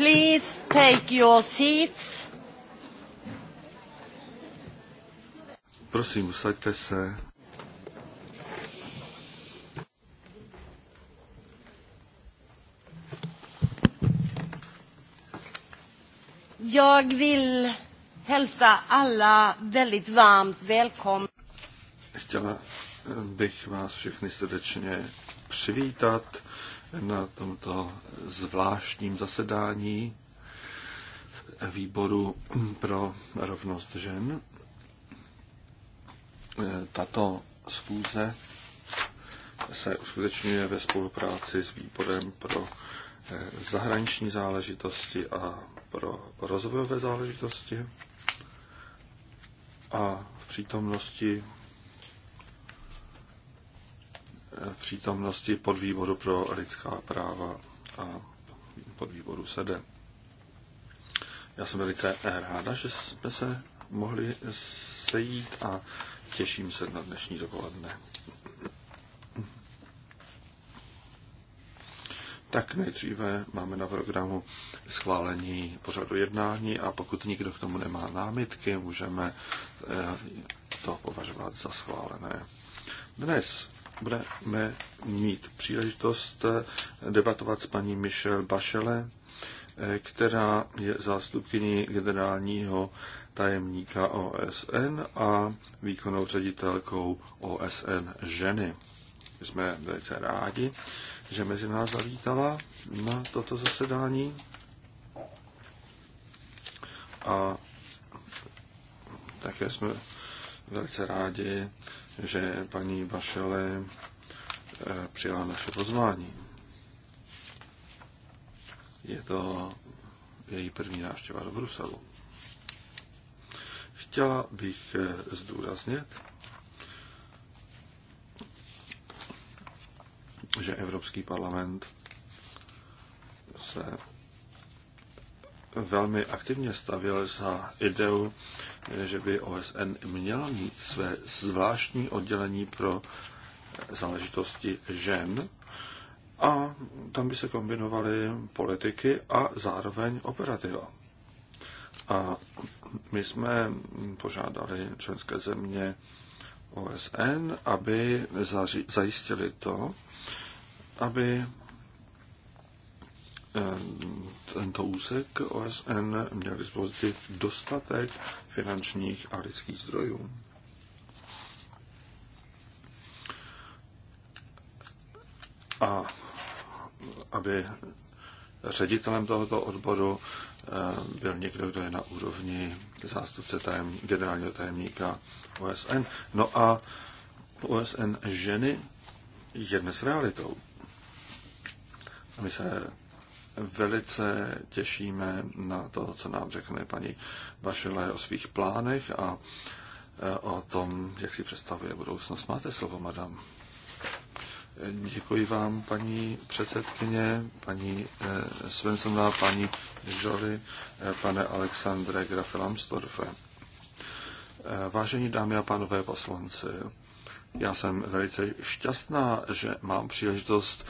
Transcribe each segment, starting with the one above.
Please take your seats. Prosím, usaďte se. Jag vill hälsa alla väldigt varmt välkomna. Chtěla eh, bych vás všechny srdečně přivítat na tomto zvláštním zasedání výboru pro rovnost žen. Tato schůze se uskutečňuje ve spolupráci s výborem pro eh, zahraniční záležitosti a pro rozvojové záležitosti a v přítomnosti přítomnosti podvýboru pro lidská práva a podvýboru SEDE. Já jsem velice ráda, že jsme se mohli sejít a těším se na dnešní dopoledne. Tak nejdříve máme na programu schválení pořadu jednání a pokud nikdo k tomu nemá námitky, můžeme eh, to považovat za schválené. Dnes budeme mít příležitost debatovat s paní Michelle Bašele, která je zástupkyní generálního tajemníka OSN a výkonnou ředitelkou OSN ženy. Jsme velice rádi, že mezi nás zavítala na toto zasedání. A také jsme velice rádi, že paní Bašele eh, přijala naše pozvání. Je to její první návštěva do Bruselu. Chtěla bych eh, zdůraznit, že Evropský parlament se velmi aktivně stavěl za ideu, že by OSN měla mít své zvláštní oddělení pro záležitosti žen a tam by se kombinovaly politiky a zároveň operativa. A my jsme požádali členské země OSN, aby zajistili to, aby Ehm, tento úsek OSN měl k dispozici dostatek finančních a lidských zdrojů. A aby ředitelem tohoto odboru ehm, byl někdo, kdo je na úrovni zástupce tajem, generálního tajemníka OSN. No a OSN ženy je dnes realitou. A my se velice těšíme na to, co nám řekne paní Bašele o svých plánech a e, o tom, jak si představuje budoucnost. Máte slovo, madam. Děkuji vám, paní předsedkyně, paní e, Svensonová, paní Žoli, e, pane Alexandre Graf Lambsdorfe. Vážení dámy a pánové poslanci, já jsem velice šťastná, že mám příležitost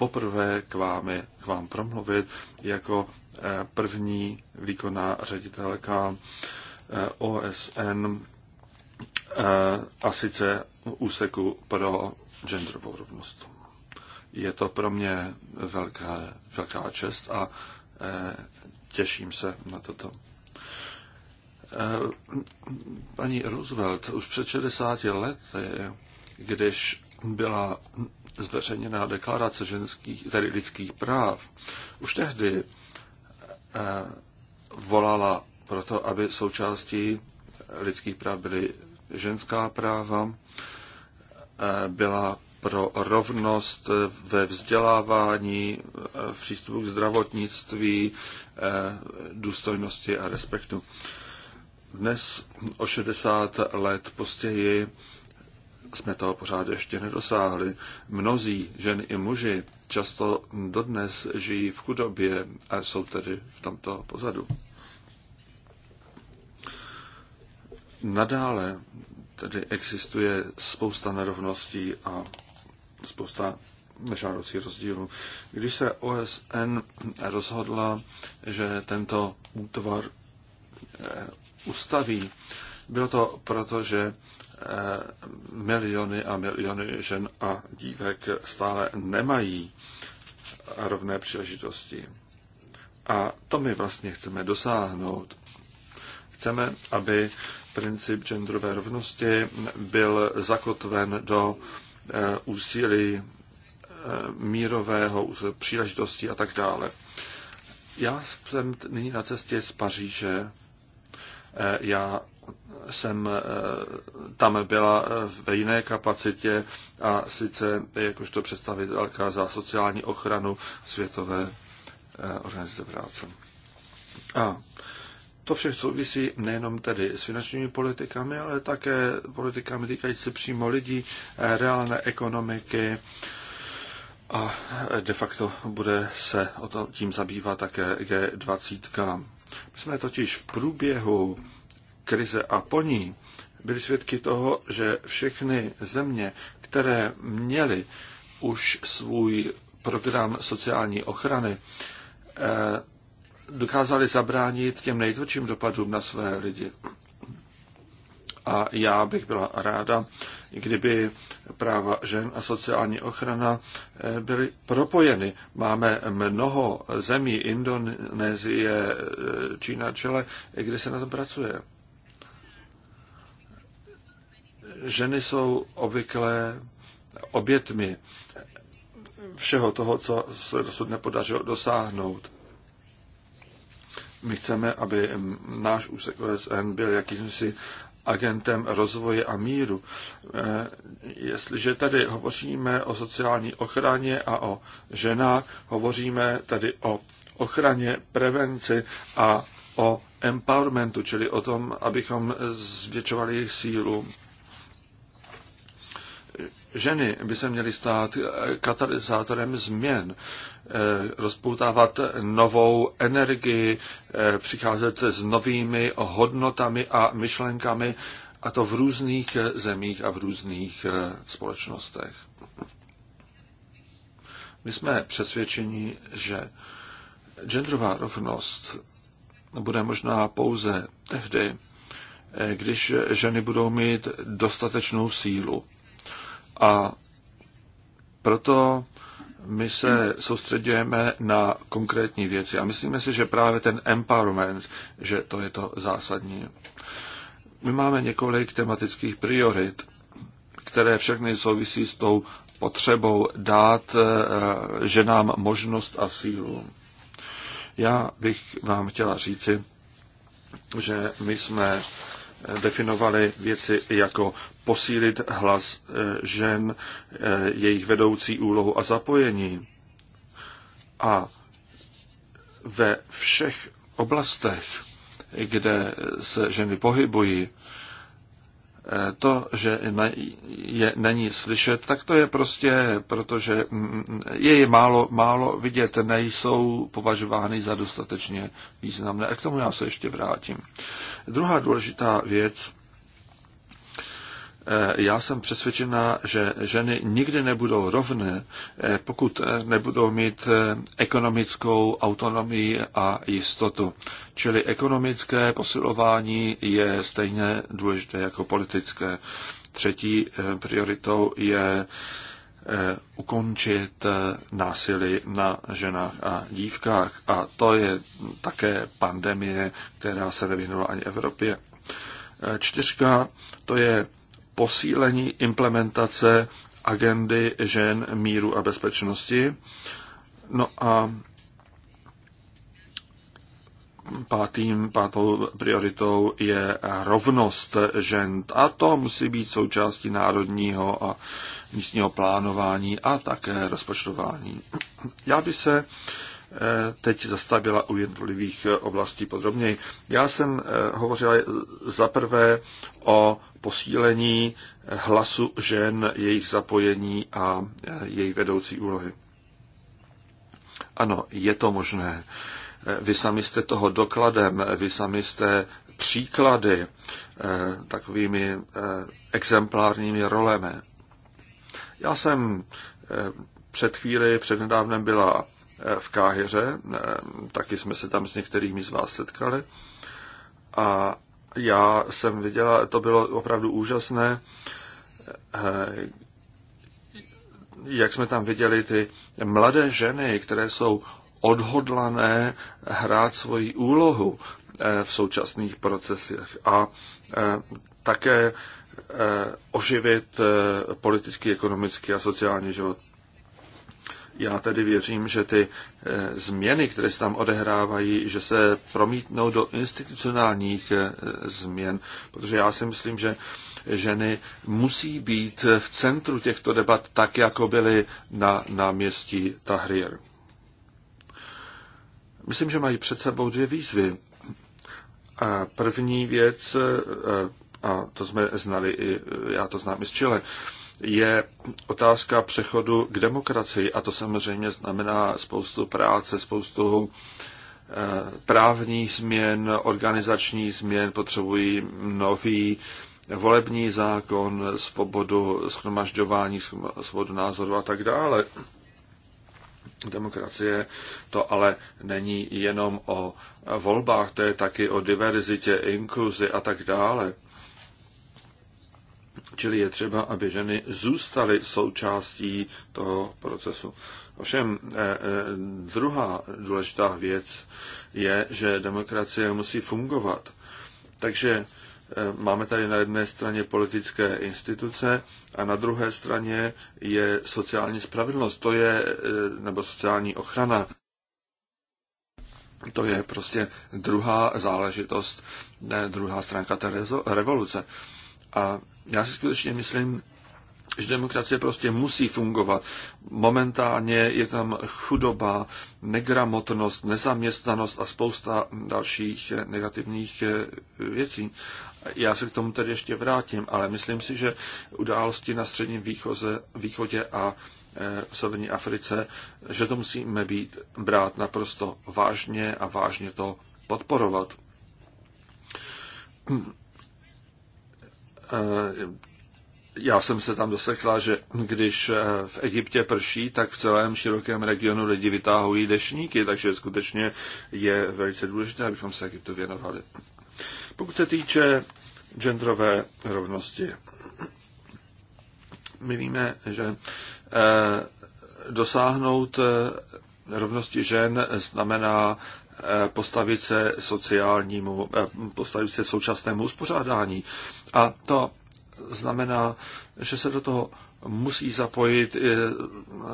poprvé k vám, k vám promluvit jako eh, první výkonná ředitelka eh, OSN eh, a sice úseku pro genderovou rovnost. Je to pro mě velká, velká čest a těším se na toto. Paní Roosevelt už před 60 lety, když byla zveřejněná deklarace ženských, tedy lidských práv, už tehdy eh, volala proto, aby součástí lidských práv byly ženská práva, eh, byla pro rovnost ve vzdělávání, eh, v přístupu k zdravotnictví, důstojnosti a respektu. Dnes o 60 let postěji jsme toho pořád ještě nedosáhli. Mnozí ženy i muži často dodnes žijí v chudobě a jsou tedy v tomto pozadu. Nadále tedy existuje spousta nerovností a spousta nežádoucích rozdílů. Když se OSN rozhodla, že tento útvar eh, ustaví, bylo to proto, že Eh, miliony a miliony žen a dívek stále nemají rovné příležitosti. A to my vlastně chceme dosáhnout. Chceme, aby princip genderové rovnosti byl zakotven do eh, úsilí eh, mírového, příležitosti a tak dále. Já jsem nyní na cestě z Paříže. Já jsem eh, tam byla eh, ve jiné kapacitě a sice jakožto představitelka za sociální ochranu Světové eh, organizace práce. A to vše souvisí nejenom tedy s finančními politikami, ale také politikami týkající se přímo lidí, reálné ekonomiky a de facto bude se o tom tím zabývat také G20. My jsme totiž v průběhu krize a po ní byli svědky toho, že všechny země, které měly už svůj program sociální ochrany, eh, dokázali zabránit těm nejtvrdším dopadům na své lidi. A já bych byla ráda, kdyby práva žen a sociální ochrana eh, byly propojeny. Máme mnoho zemí, Indonésie, eh, Čína, Čele, kde se na tom pracuje ženy jsou obvykle obětmi všeho toho, co se dosud nepodařilo dosáhnout. My chceme, aby náš úsek OSN byl jakýmsi agentem rozvoje a míru. Eh, jestliže tady hovoříme o sociální ochraně a o ženách, hovoříme tady o ochraně, prevenci a o empowermentu, čili o tom, abychom zvětšovali jejich sílu Ženy by se měly stát katalyzátorem změn, eh, rozpoutávat novou energii, eh, přicházet s novými hodnotami a myšlenkami, a to v různých zemích a v různých eh, společnostech. My jsme přesvědčeni, že genderová rovnost bude možná pouze tehdy, když ženy budou mít dostatečnou sílu a proto my se soustředujeme na konkrétní věci a myslíme si, že právě ten empowerment, že to je to zásadní. My máme několik tematických priorit, které všechny souvisí s tou potřebou dát eh, ženám možnost a sílu. Já bych vám chtěla říci, že my jsme definovali věci jako posílit hlas eh, žen, eh, jejich vedoucí úlohu a zapojení. A ve všech oblastech, kde se ženy pohybují, eh, to, že je není slyšet, tak to je prostě, protože mm, mm, je je málo, málo vidět, nejsou považovány za dostatečně významné. A k tomu já se ještě vrátím. Druhá důležitá věc Eh, já jsem přesvědčena, že ženy nikdy nebudou rovné, eh, pokud eh, nebudou mít ekonomickou autonomii a jistotu. Čili ekonomické posilování je stejně důležité jako politické. Třetí prioritou je ukončit násilí na ženách a dívkách. A to je také pandemie, která se nevyhnula ani Evropě. Čtyřka, to je posílení implementace agendy žen, míru a bezpečnosti. No a pátým, pátou prioritou je rovnost žen. A to musí být součástí národního a místního plánování a také rozpočtování. Já bych se teď zastavila u jednotlivých eh, oblastí podrobněji. Já jsem eh, hovořila zaprvé o posílení eh, hlasu žen, jejich zapojení a jejich vedoucí úlohy. Ano, je to možné. Vy sami jste toho dokladem, vy sami jste příklady takovými exemplárními rolemi. Já jsem před chvíli, před nedávnem byla v Káhyře, eh, taky jsme se tam s některými z vás setkali. A já jsem viděla, to bylo opravdu úžasné, eh, jak jsme tam viděli ty mladé ženy, které jsou odhodlané hrát svoji úlohu eh, v současných procesech a také oživit politický, ekonomický a sociální život já tedy věřím, že ty eh, změny, které se tam odehrávají, že se promítnou do institucionálních eh, změn, protože já si myslím, že ženy musí být v centru těchto debat tak, jako byly na náměstí Tahrir. Myslím, že mají před sebou dvě výzvy. A první věc, eh, a to jsme znali i, já to znám i z Chile, je otázka přechodu k demokracii a to samozřejmě znamená spoustu práce, spoustu eh, právních změn, organizačních změn, potřebují nový volební zákon, svobodu schromažďování, svobodu názoru a tak dále. Demokracie to ale není jenom o volbách, to je taky o diverzitě, inkluzi a tak dále. Čili je třeba, aby ženy zůstaly součástí toho procesu. Ovšem, eh, eh, druhá důležitá věc je, že demokracie musí fungovat. Takže eh, máme tady na jedné straně politické instituce a na druhé straně je sociální spravedlnost, to je, nebo sociální ochrana. To je prostě druhá záležitost, druhá stránka té revoluce. A já si skutečně myslím, že demokracie prostě musí fungovat. Momentálně je tam chudoba, negramotnost, nezaměstnanost a spousta dalších negativních eh, věcí. Já se k tomu tedy ještě vrátím, ale myslím si, že události na středním výchoze, východě a eh, v severní Africe, že to musíme být brát naprosto vážně a vážně to podporovat. Eh, já jsem se tam dosekla, že když eh, v Egyptě prší, tak v celém širokém regionu lidi vytáhují dešníky, takže skutečně je velice důležité, abychom se Egyptu věnovali. Pokud se týče genderové rovnosti, my víme, že eh, dosáhnout rovnosti žen znamená postavit se sociálnímu, postavit se současnému uspořádání. A to znamená, že se do toho musí zapojit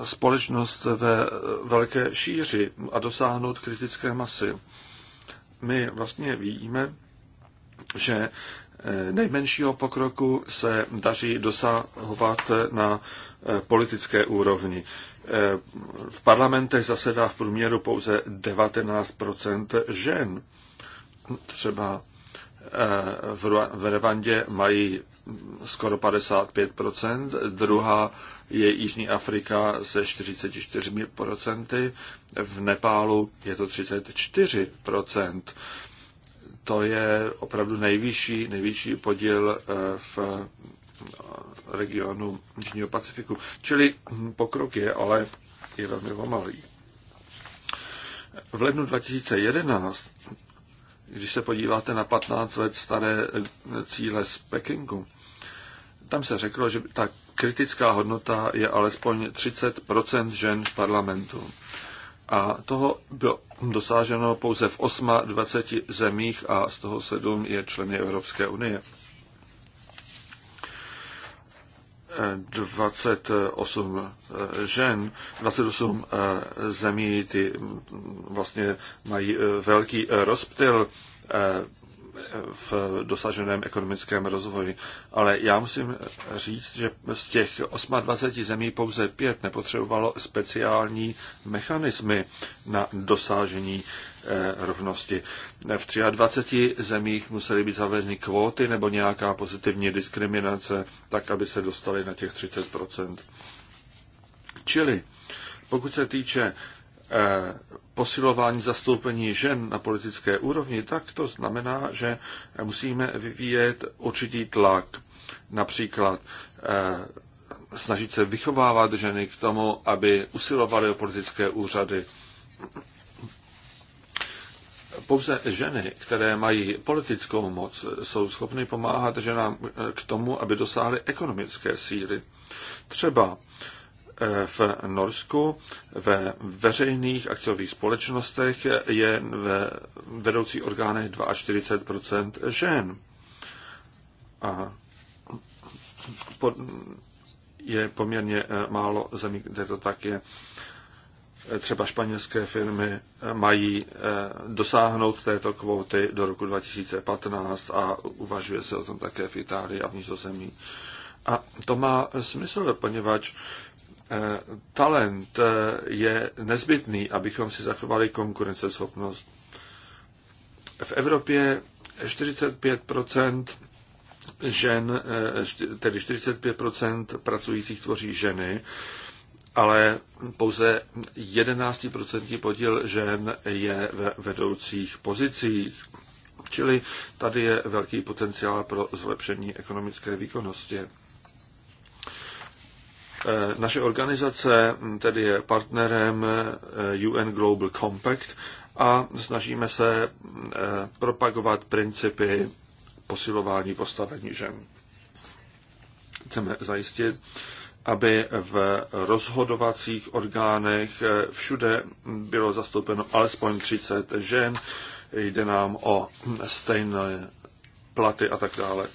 společnost ve velké šíři a dosáhnout kritické masy. My vlastně víme, že nejmenšího pokroku se daří dosahovat na politické úrovni. V parlamentech zasedá v průměru pouze 19 žen. Třeba v Rwandě mají skoro 55%, druhá je Jižní Afrika se 44%, v Nepálu je to 34%. To je opravdu nejvyšší, nejvyšší podíl eh, v regionu Jižního Pacifiku. Čili pokrok je, ale je velmi pomalý. V lednu 2011 když se podíváte na 15 let staré eh, cíle z Pekingu, tam se řeklo, že ta kritická hodnota je alespoň 30 žen v parlamentu. A toho bylo dosáženo pouze v 28 zemích a z toho 7 je členy Evropské unie. 28 eh, žen, 28 eh, zemí, ty mm, vlastně mají eh, velký rozptyl v dosaženém ekonomickém rozvoji. Ale já musím říct, že z těch 28 zemí pouze pět nepotřebovalo speciální mechanismy na dosažení eh, rovnosti. V 23 zemích musely být zavedeny kvóty nebo nějaká pozitivní diskriminace, tak aby se dostali na těch 30 Čili pokud se týče Eh, posilování zastoupení žen na politické úrovni, tak to znamená, že musíme vyvíjet určitý tlak. Například eh, snažit se vychovávat ženy k tomu, aby usilovaly o politické úřady. Pouze ženy, které mají politickou moc, jsou schopny pomáhat ženám k tomu, aby dosáhly ekonomické síly. Třeba v Norsku ve veřejných akciových společnostech je ve vedoucích orgánech 42 žen. A je poměrně eh, málo zemí, kde to tak je. Třeba španělské firmy eh, mají eh, dosáhnout této kvóty do roku 2015 a uvažuje se o tom také v Itálii a v Nizozemí. A to má smysl, poněvadž Eh, talent eh, je nezbytný, abychom si zachovali konkurenceschopnost. V Evropě 45 žen, eh, tedy 45 pracujících tvoří ženy, ale pouze 11 podíl žen je ve vedoucích pozicích. Čili tady je velký potenciál pro zlepšení ekonomické výkonnosti. Eh, naše organizace hm, tedy je partnerem eh, UN Global Compact a snažíme se hm, eh, propagovat principy posilování postavení žen. Chceme zajistit, aby v rozhodovacích orgánech všude bylo zastoupeno alespoň 30 žen. Jde nám o hm, stejné platy a tak dále.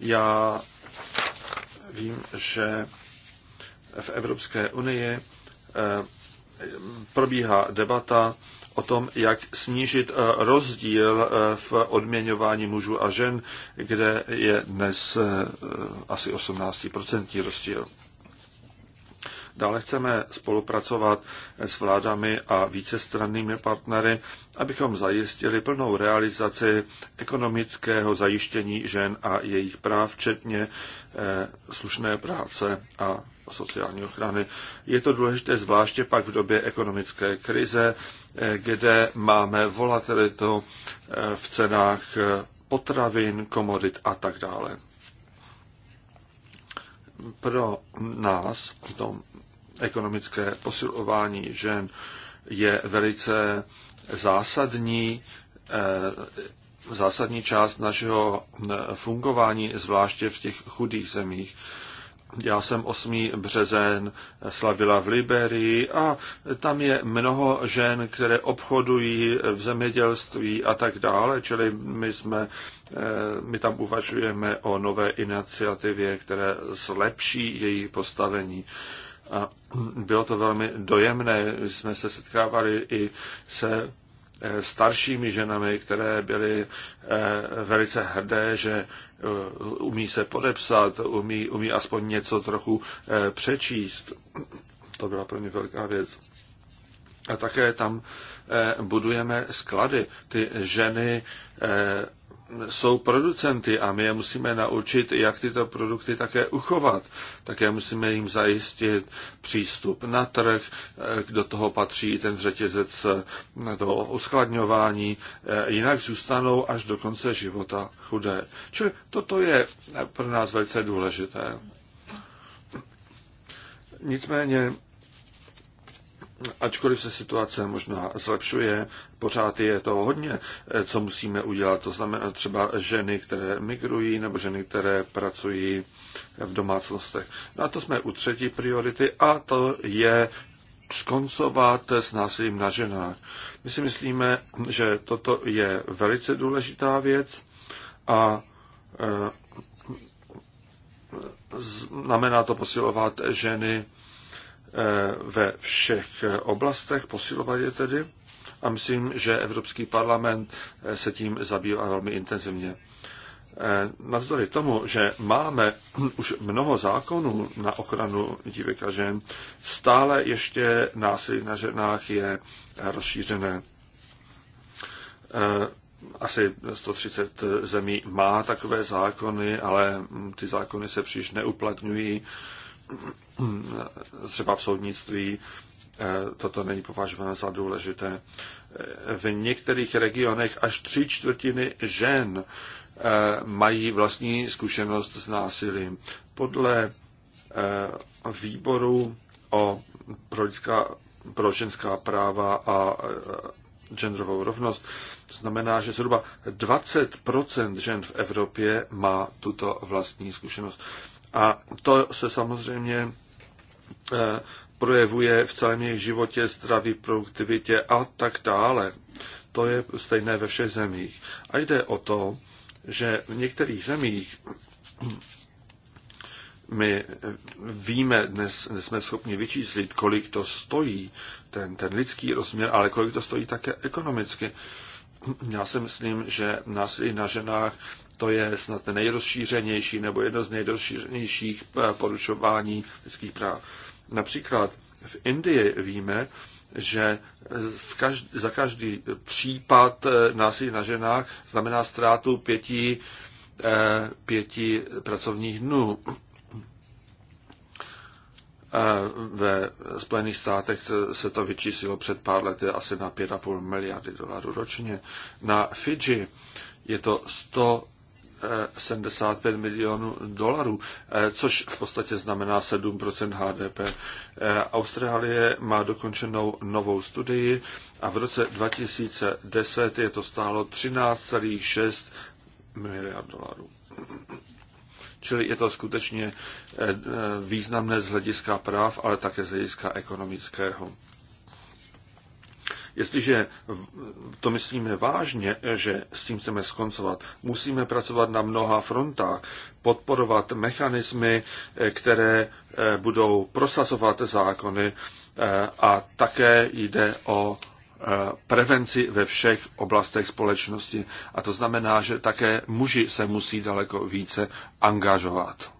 Já vím, že v Evropské unii eh, probíhá debata o tom, jak snížit eh, rozdíl eh, v odměňování mužů a žen, kde je dnes asi 18% rozdíl. Dále chceme spolupracovat s vládami a vícestrannými partnery, abychom zajistili plnou realizaci ekonomického zajištění žen a jejich práv, včetně eh, slušné práce a sociální ochrany. Je to důležité zvláště pak v době ekonomické krize, eh, kde máme volatilitu eh, v cenách potravin, komodit a tak dále. Pro nás v tom ekonomické posilování žen je velice zásadní, eh, zásadní část našeho eh, fungování, zvláště v těch chudých zemích. Já jsem 8. březen slavila v Liberii a tam je mnoho žen, které obchodují v zemědělství a tak dále, čili my, jsme, eh, my tam uvažujeme o nové iniciativě, které zlepší její postavení a bylo to velmi dojemné. Jsme se setkávali i se eh, staršími ženami, které byly eh, velice hrdé, že eh, umí se podepsat, umí, umí aspoň něco trochu přečíst. To byla pro mě velká věc. A také tam budujeme sklady. Ty ženy jsou producenty a my je musíme naučit, jak tyto produkty také uchovat. Také musíme jim zajistit přístup na trh, eh, do toho patří i ten řetězec do eh, uskladňování, eh, jinak zůstanou až do konce života chudé. Čili toto je pro nás velice důležité. Nicméně ačkoliv se situace možná zlepšuje, pořád je to hodně, eh, co musíme udělat. To znamená třeba ženy, které migrují, nebo ženy, které pracují v domácnostech. No a to jsme u třetí priority a to je skoncovat s násilím na ženách. My si myslíme, že toto je velice důležitá věc a eh, znamená to posilovat ženy Eh, ve všech oblastech, posilovat je tedy. A myslím, že Evropský parlament eh, se tím zabývá velmi intenzivně. Eh, navzdory tomu, že máme už mnoho zákonů na ochranu dívek a žen, stále ještě násilí na ženách je rozšířené. Asi 130 zemí má takové zákony, ale hm, ty zákony se příliš neuplatňují třeba v soudnictví eh, toto není považováno za důležité. Eh, v některých regionech až tři čtvrtiny žen eh, mají vlastní zkušenost s násilím. Podle výboru o pro, lidská, pro ženská práva a genderovou rovnost, to znamená, že zhruba 20 žen v Evropě má tuto vlastní zkušenost. A to se samozřejmě eh, projevuje v celém jejich životě, zdraví, produktivitě a tak dále. To je stejné ve všech zemích. A jde o to, že v některých zemích my víme, dnes, dnes jsme schopni vyčíslit, kolik to stojí, ten, ten lidský rozměr, ale kolik to stojí také ekonomicky. Já si myslím, že násilí na ženách to je snad nejrozšířenější nebo jedno z nejrozšířenějších eh, porušování lidských práv. Například v Indii víme, že eh, v každý, za každý případ eh, násilí na ženách znamená ztrátu pěti, pěti pracovních dnů. Ve Spojených státech se to vyčíslilo před pár lety asi na 5,5 miliardy dolarů ročně. Na Fidži je to 100 75 milionů dolarů, eh, což v podstatě znamená 7 HDP. Eh, Austrálie má dokončenou novou studii a v roce 2010 je to stálo 13,6 miliard dolarů. Čili je to skutečně eh, významné z hlediska práv, ale také z hlediska ekonomického. Jestliže to myslíme vážně, že s tím chceme skoncovat, musíme pracovat na mnoha frontách, podporovat mechanismy, eh, které eh, budou prosazovat zákony eh, a také jde o prevenci ve všech oblastech společnosti. A to znamená, že také muži se musí daleko více angažovat.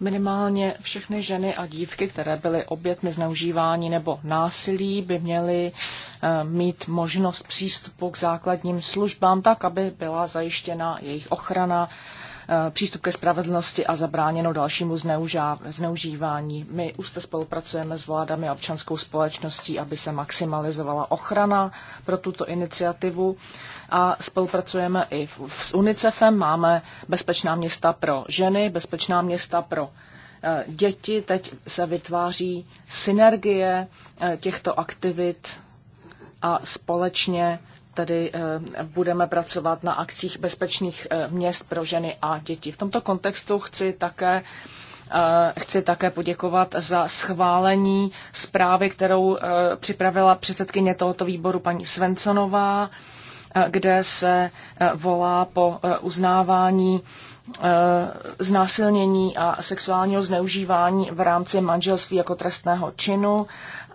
Minimálně všechny ženy a dívky, které byly obětmi zneužívání nebo násilí, by měly eh, mít možnost přístupu k základním službám tak, aby byla zajištěna jejich ochrana Eh, přístup ke spravedlnosti a zabráněno dalšímu zneužívání. My už se spolupracujeme s vládami a občanskou společností, aby se maximalizovala ochrana pro tuto iniciativu a spolupracujeme i s UNICEFem. Máme bezpečná města pro ženy, bezpečná města pro eh, děti. Teď se vytváří synergie eh, těchto aktivit a společně tedy eh, budeme pracovat na akcích bezpečných eh, měst pro ženy a děti. V tomto kontextu chci také eh, Chci také poděkovat za schválení zprávy, kterou připravila předsedkyně tohoto výboru paní Svensonová, kde se volá po uznávání znásilnění a sexuálního zneužívání v rámci manželství jako trestného činu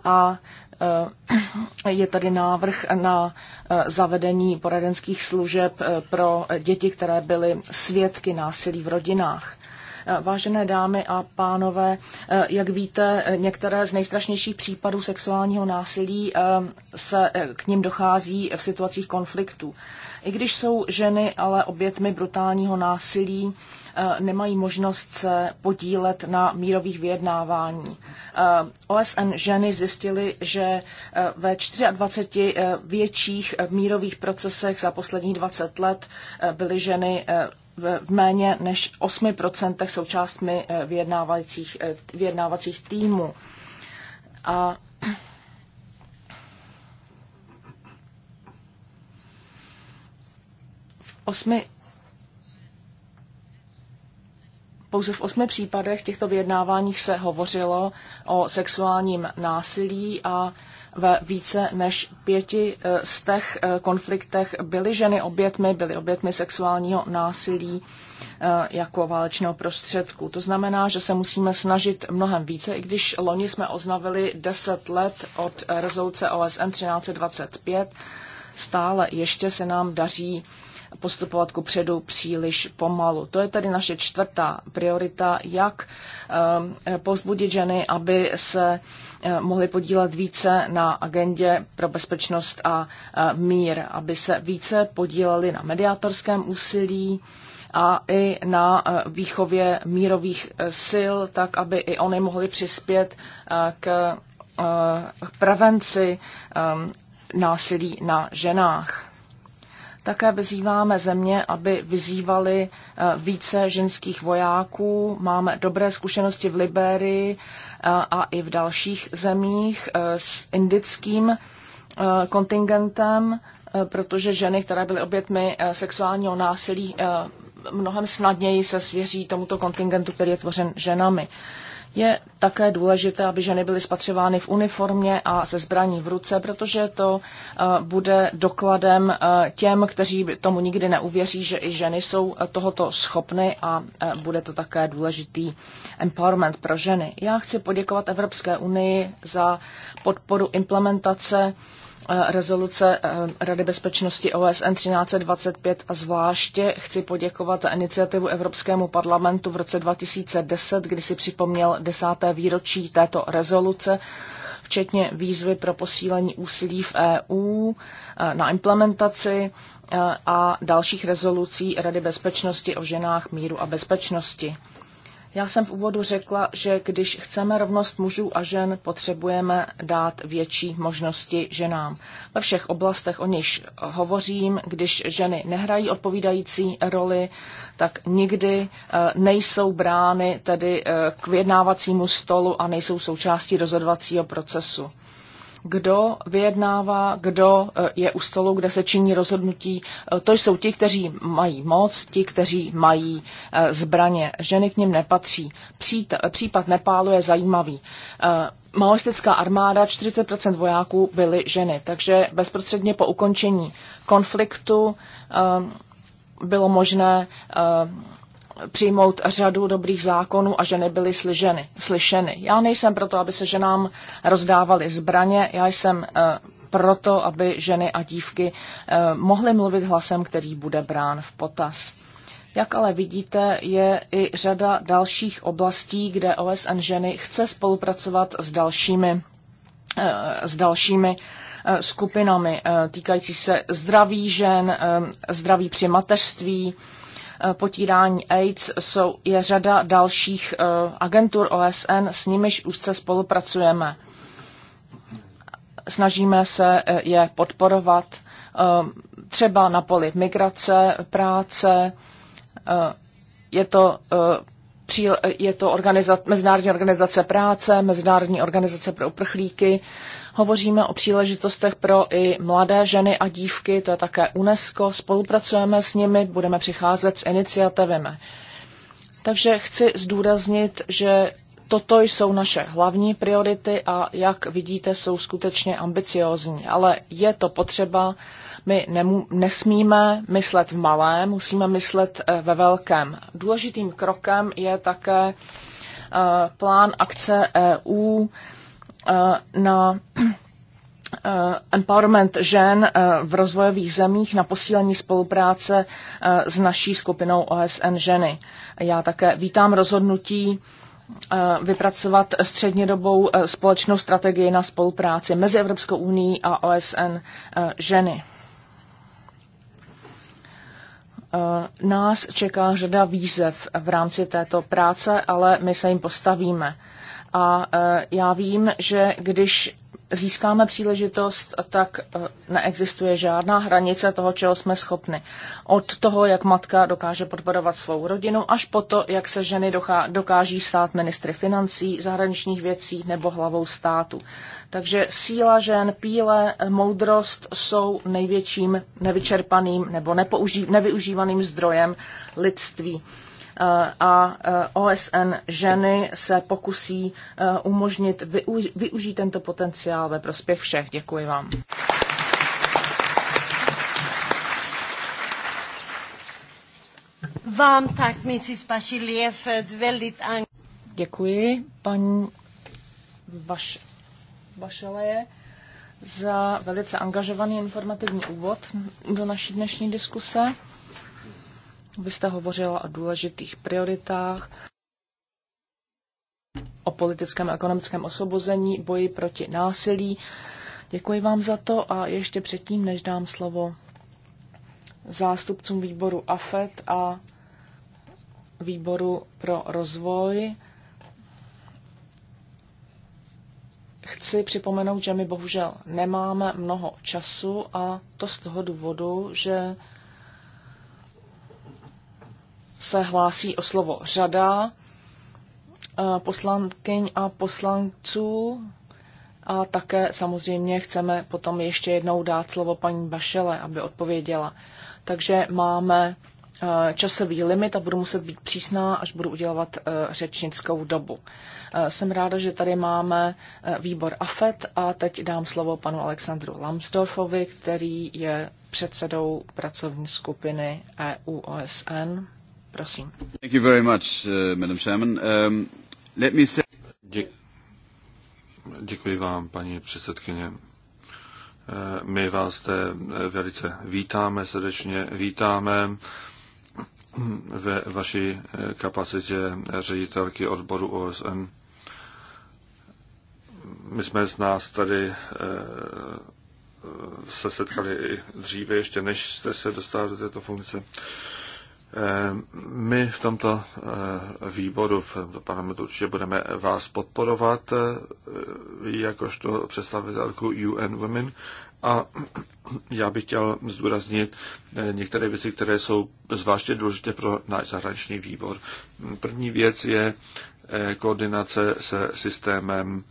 a Eh, je tady návrh na eh, zavedení poradenských služeb eh, pro děti, které byly svědky násilí v rodinách. Vážené dámy a pánové, eh, jak víte, některé z nejstrašnějších případů sexuálního násilí eh, se eh, k ním dochází v situacích konfliktu. I když jsou ženy ale obětmi brutálního násilí, nemají možnost se podílet na mírových vyjednávání. OSN ženy zjistily, že ve 24 větších mírových procesech za posledních 20 let byly ženy v méně než 8% součástmi eh, vyjednávacích, eh, vyjednávacích týmů. A osmi, pouze v osmi případech těchto vyjednáváních se hovořilo o sexuálním násilí a ve více než pěti z eh, těch eh, konfliktech byly ženy obětmi, byly obětmi sexuálního násilí eh, jako válečného prostředku. To znamená, že se musíme snažit mnohem více, i když loni jsme oznavili 10 let od rezoluce OSN 1325, stále ještě se nám daří uh, postupovat ku předu příliš pomalu. To je tedy naše čtvrtá priorita, jak ehm, pozbudit ženy, aby se eh, mohly podílet více na agendě pro bezpečnost a eh, mír, aby se více podíleli na mediátorském úsilí, a i na eh, výchově mírových sil, tak aby i oni mohli přispět k prevenci ehm, násilí na ženách. Také vyzýváme země, aby vyzývali eh, více ženských vojáků. Máme dobré zkušenosti v Liberii eh, a i v dalších zemích eh, s indickým kontingentem, protože ženy, které byly obětmi sexuálního násilí, mnohem snadněji se svěří tomuto kontingentu, který je tvořen ženami. Je také důležité, aby ženy byly spatřovány v uniformě a se zbraní v ruce, protože to eh, bude dokladem eh, těm, kteří tomu nikdy neuvěří, že i ženy jsou eh, tohoto schopny a bude to také důležitý empowerment pro ženy. Já chci poděkovat Evropské unii za podporu implementace Eh, rezoluce eh, Rady bezpečnosti OSN 1325 a zvláště chci poděkovat iniciativu Evropskému parlamentu v roce 2010, kdy si připomněl desáté výročí této rezoluce, včetně výzvy pro posílení úsilí v EU eh, na implementaci a dalších rezolucí Rady bezpečnosti o ženách, míru a bezpečnosti. Já jsem v úvodu řekla, že když chceme rovnost mužů a žen, potřebujeme dát větší možnosti ženám. Ve všech oblastech, o nich hovořím, když ženy nehrají odpovídající roli, tak nikdy eh, nejsou brány tedy eh, k vyjednávacímu stolu a nejsou součástí rozhodovacího procesu kdo vyjednává, kdo eh, je u stolu, kde se činí rozhodnutí. Eh, to jsou ti, kteří mají moc, ti, kteří mají eh, zbraně. Ženy k ním nepatří. Případ Nepálu je zajímavý. Maoistická armáda, 40 vojáků byly ženy, takže bezprostředně po ukončení konfliktu bylo možné přijmout řadu dobrých zákonů a že byly slyšeny. slyšeny. Já nejsem proto, aby se ženám rozdávaly zbraně, já jsem eh, proto, aby ženy a dívky eh, mohly mluvit hlasem, který bude brán v potaz. Jak ale vidíte, je i řada dalších oblastí, kde OSN ženy chce spolupracovat s dalšími, eh, s dalšími skupinami týkající se zdraví žen, zdraví při mateřství, Eh, potírání AIDS jsou, je řada dalších eh, agentur OSN, s nimiž úzce spolupracujeme. Snažíme se eh, je podporovat třeba na poli migrace, práce. Je to, je to organizace, Mezinárodní organizace práce, Mezinárodní organizace pro uprchlíky Hovoříme o příležitostech pro i mladé ženy a dívky, to je také UNESCO, spolupracujeme s nimi, budeme přicházet s iniciativami. Takže chci zdůraznit, že toto jsou naše hlavní priority a jak vidíte, jsou skutečně ambiciózní, ale je to potřeba. My nemů- nesmíme myslet v malém, musíme myslet eh, ve velkém. Důležitým krokem je také eh, plán akce EU Eh, na eh, empowerment žen eh, v rozvojových zemích na posílení spolupráce s naší skupinou OSN ženy. Já také vítám rozhodnutí vypracovat střednědobou společnou strategii na spolupráci mezi Evropskou unii a OSN ženy. Nás čeká řada výzev v rámci této práce, ale my se jim postavíme. A e, já vím, že když získáme příležitost, tak e, neexistuje žádná hranice toho, čeho jsme schopni. Od toho, jak matka dokáže podporovat svou rodinu, až po to, jak se ženy dokáží stát ministry financí, zahraničních věcí nebo hlavou státu. Takže síla žen, píle, moudrost jsou největším nevyčerpaným nebo nevyužívaným zdrojem lidství a OSN ženy se pokusí e, umožnit využít tento potenciál ve prospěch všech. Děkuji vám. Vám tak, Mrs. Bašilie, velmi Děkuji, paní Baš, Bašeleje, za velice angažovaný informativní úvod do naší dnešní diskuse. Vy jste hovořila o důležitých prioritách, o politickém a ekonomickém osvobození, boji proti násilí. Děkuji vám za to a ještě předtím, než dám slovo zástupcům výboru AFET a výboru pro rozvoj, chci připomenout, že my bohužel nemáme mnoho času a to z toho důvodu, že se hlásí o slovo řada eh, poslankyň a poslanců. A také samozřejmě chceme potom ještě jednou dát slovo paní Bašele, aby odpověděla. Takže máme eh, časový limit a budu muset být přísná, až budu udělovat eh, řečnickou dobu. Jsem ráda, že tady máme výbor AFET a teď dám slovo panu Alexandru Lambsdorfovi, který je předsedou pracovní skupiny EU-OSN Prosím. Thank you very much, uh, Madam Chairman. Um, let me say... Dě- děkuji vám, paní předsedkyně. Uh, my vás zde uh, velice vítáme, srdečně vítáme ve vaší uh, kapacitě ředitelky odboru OSN. My jsme z nás tady se setkali i dříve, ještě než jste se dostali do této funkce. Eh, my v tomto eh, výboru, v tomto parlamentu určitě budeme vás podporovat eh, jakožto představitelku UN Women a já bych chtěl zdůraznit některé věci, které jsou zvláště důležité pro náš zahraniční výbor. První věc je koordinace se systémem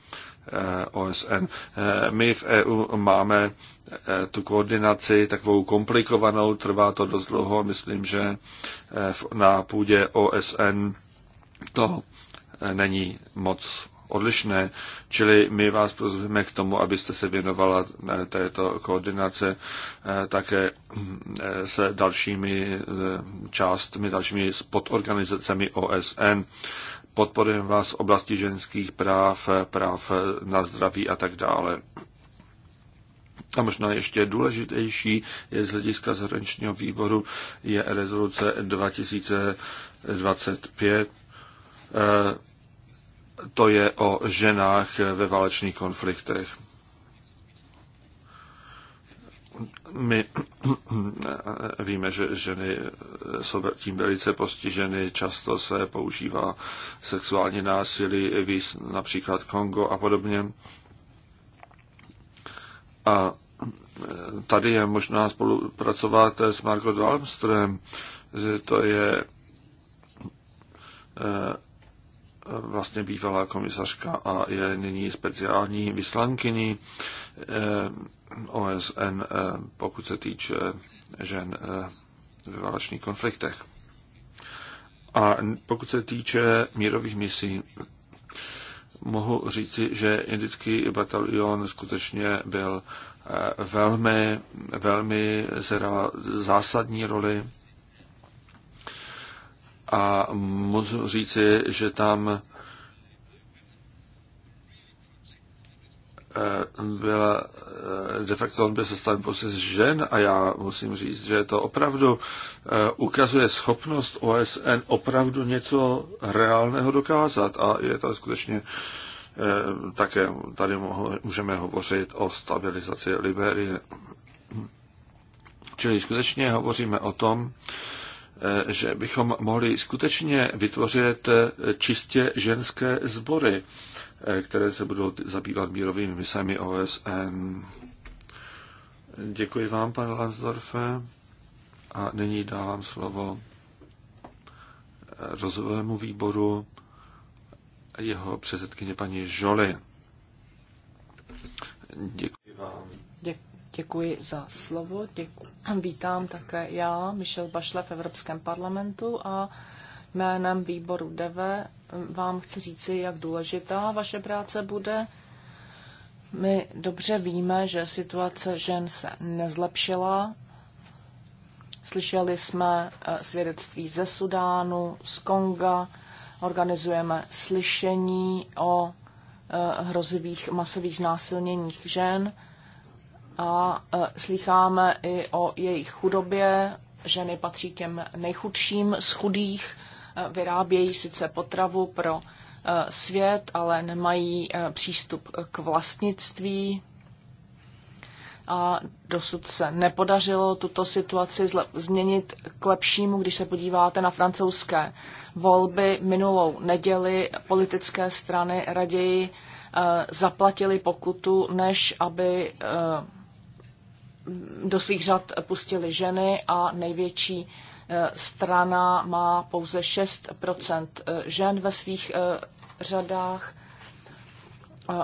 OSN. My v EU máme Eh, tu koordinaci takovou komplikovanou, trvá to dost dlouho. Myslím, že eh, na půdě OSN to eh, není moc odlišné, čili my vás pozveme k tomu, abyste se věnovala této koordinace také se dalšími částmi, dalšími podorganizacemi OSN. Podporujeme vás v oblasti ženských práv, práv na zdraví a tak dále a možná ještě důležitější je z hlediska zahraničního výboru je rezoluce 2025. Eh, to je o ženách ve válečných konfliktech. My eh, víme, že ženy jsou tím velice postiženy, často se používá sexuální násilí, například Kongo a podobně. A tady je možná spolupracovat s Margot Wallström. To je eh, vlastně bývalá komisařka a je nyní speciální vyslankyní eh, OSN, eh, pokud se týče žen ve válečných konfliktech. A pokud se týče mírových misí, mohu říci, že indický batalion skutečně byl Eh, velmi, velmi zrala, zásadní roli. A můžu říci, že tam eh, byla eh, de facto on byl sestaven z žen a já musím říct, že to opravdu ukazuje schopnost OSN opravdu něco reálného dokázat a je to skutečně uh, Eh, také tady můžeme hovořit o stabilizaci Liberie. Čili skutečně hovoříme o tom, eh, že bychom mohli skutečně vytvořit eh, čistě ženské sbory, které se budou zabývat mírovými misemi OSN. Děkuji vám, pane Lansdorfe. A nyní dávám slovo rozvojovému výboru jeho předsedkyně paní Žoli. Děkuji vám. Děkuji za slovo. Děkuji. Vítám také já, Michel Bašle v Evropském parlamentu a jménem výboru DEVE vám chci říci, jak důležitá vaše práce bude. My dobře víme, že situace žen se nezlepšila. Slyšeli jsme eh, svědectví ze Sudánu, z Konga, Organizujeme slyšení o e, hrozivých masových znásilněních žen a e, slycháme i o jejich chudobě. Ženy patří těm nejchudším z chudých, e, vyrábějí sice potravu pro svět, ale nemají přístup k vlastnictví a dosud se nepodařilo tuto situaci změnit k lepšímu, když se podíváte na francouzské volby minulou neděli. Politické strany raději eh, zaplatili pokutu, než aby eh, do svých řad pustili ženy a největší eh, strana má pouze 6 žen ve svých řadách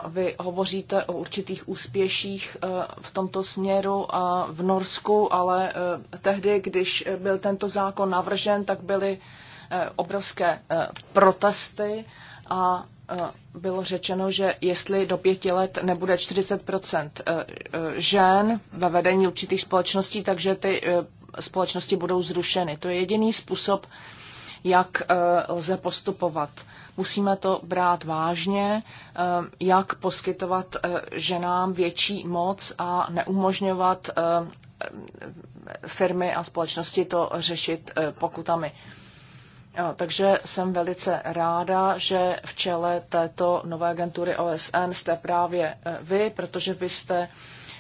vy hovoříte o určitých úspěších eh, v tomto směru a v Norsku, ale eh, tehdy, když byl tento zákon navržen, tak byly eh, obrovské protesty a bylo řečeno, že jestli do pěti let nebude 40 žen ve vedení určitých společností, takže ty společnosti budou zrušeny. To je jediný způsob, jak eh, lze postupovat. Musíme to brát vážně, eh, jak poskytovat eh, ženám větší moc a neumožňovat firmy a společnosti to řešit pokutami. Takže jsem velice ráda, že v čele této nové agentury OSN jste právě vy, protože vy jste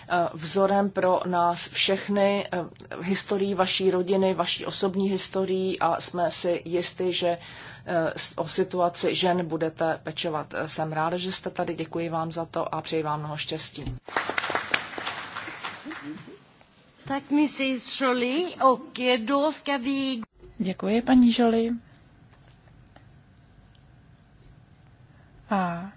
Eh, vzorem pro nás všechny, eh, historií vaší rodiny, vaší osobní historií a jsme si jisti, že eh, o situaci žen budete pečovat. Jsem ráda, že jste tady, děkuji vám za to a přeji vám mnoho štěstí. Tak Mrs. Jolie, ok, do ska vi... Děkuji, paní Jolie. A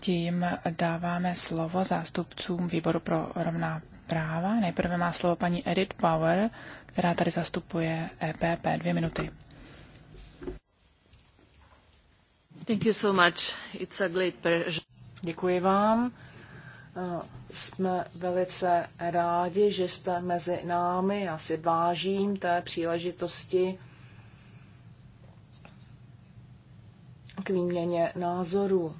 tím dáváme slovo zástupcům výboru pro rovná práva. Nejprve má slovo paní Edith Power, která tady zastupuje EPP. Dvě minuty. Thank you so much. It's a great Děkuji vám. Eh, jsme velice rádi, že jste mezi námi. Já si vážím té příležitosti k výměně názorů.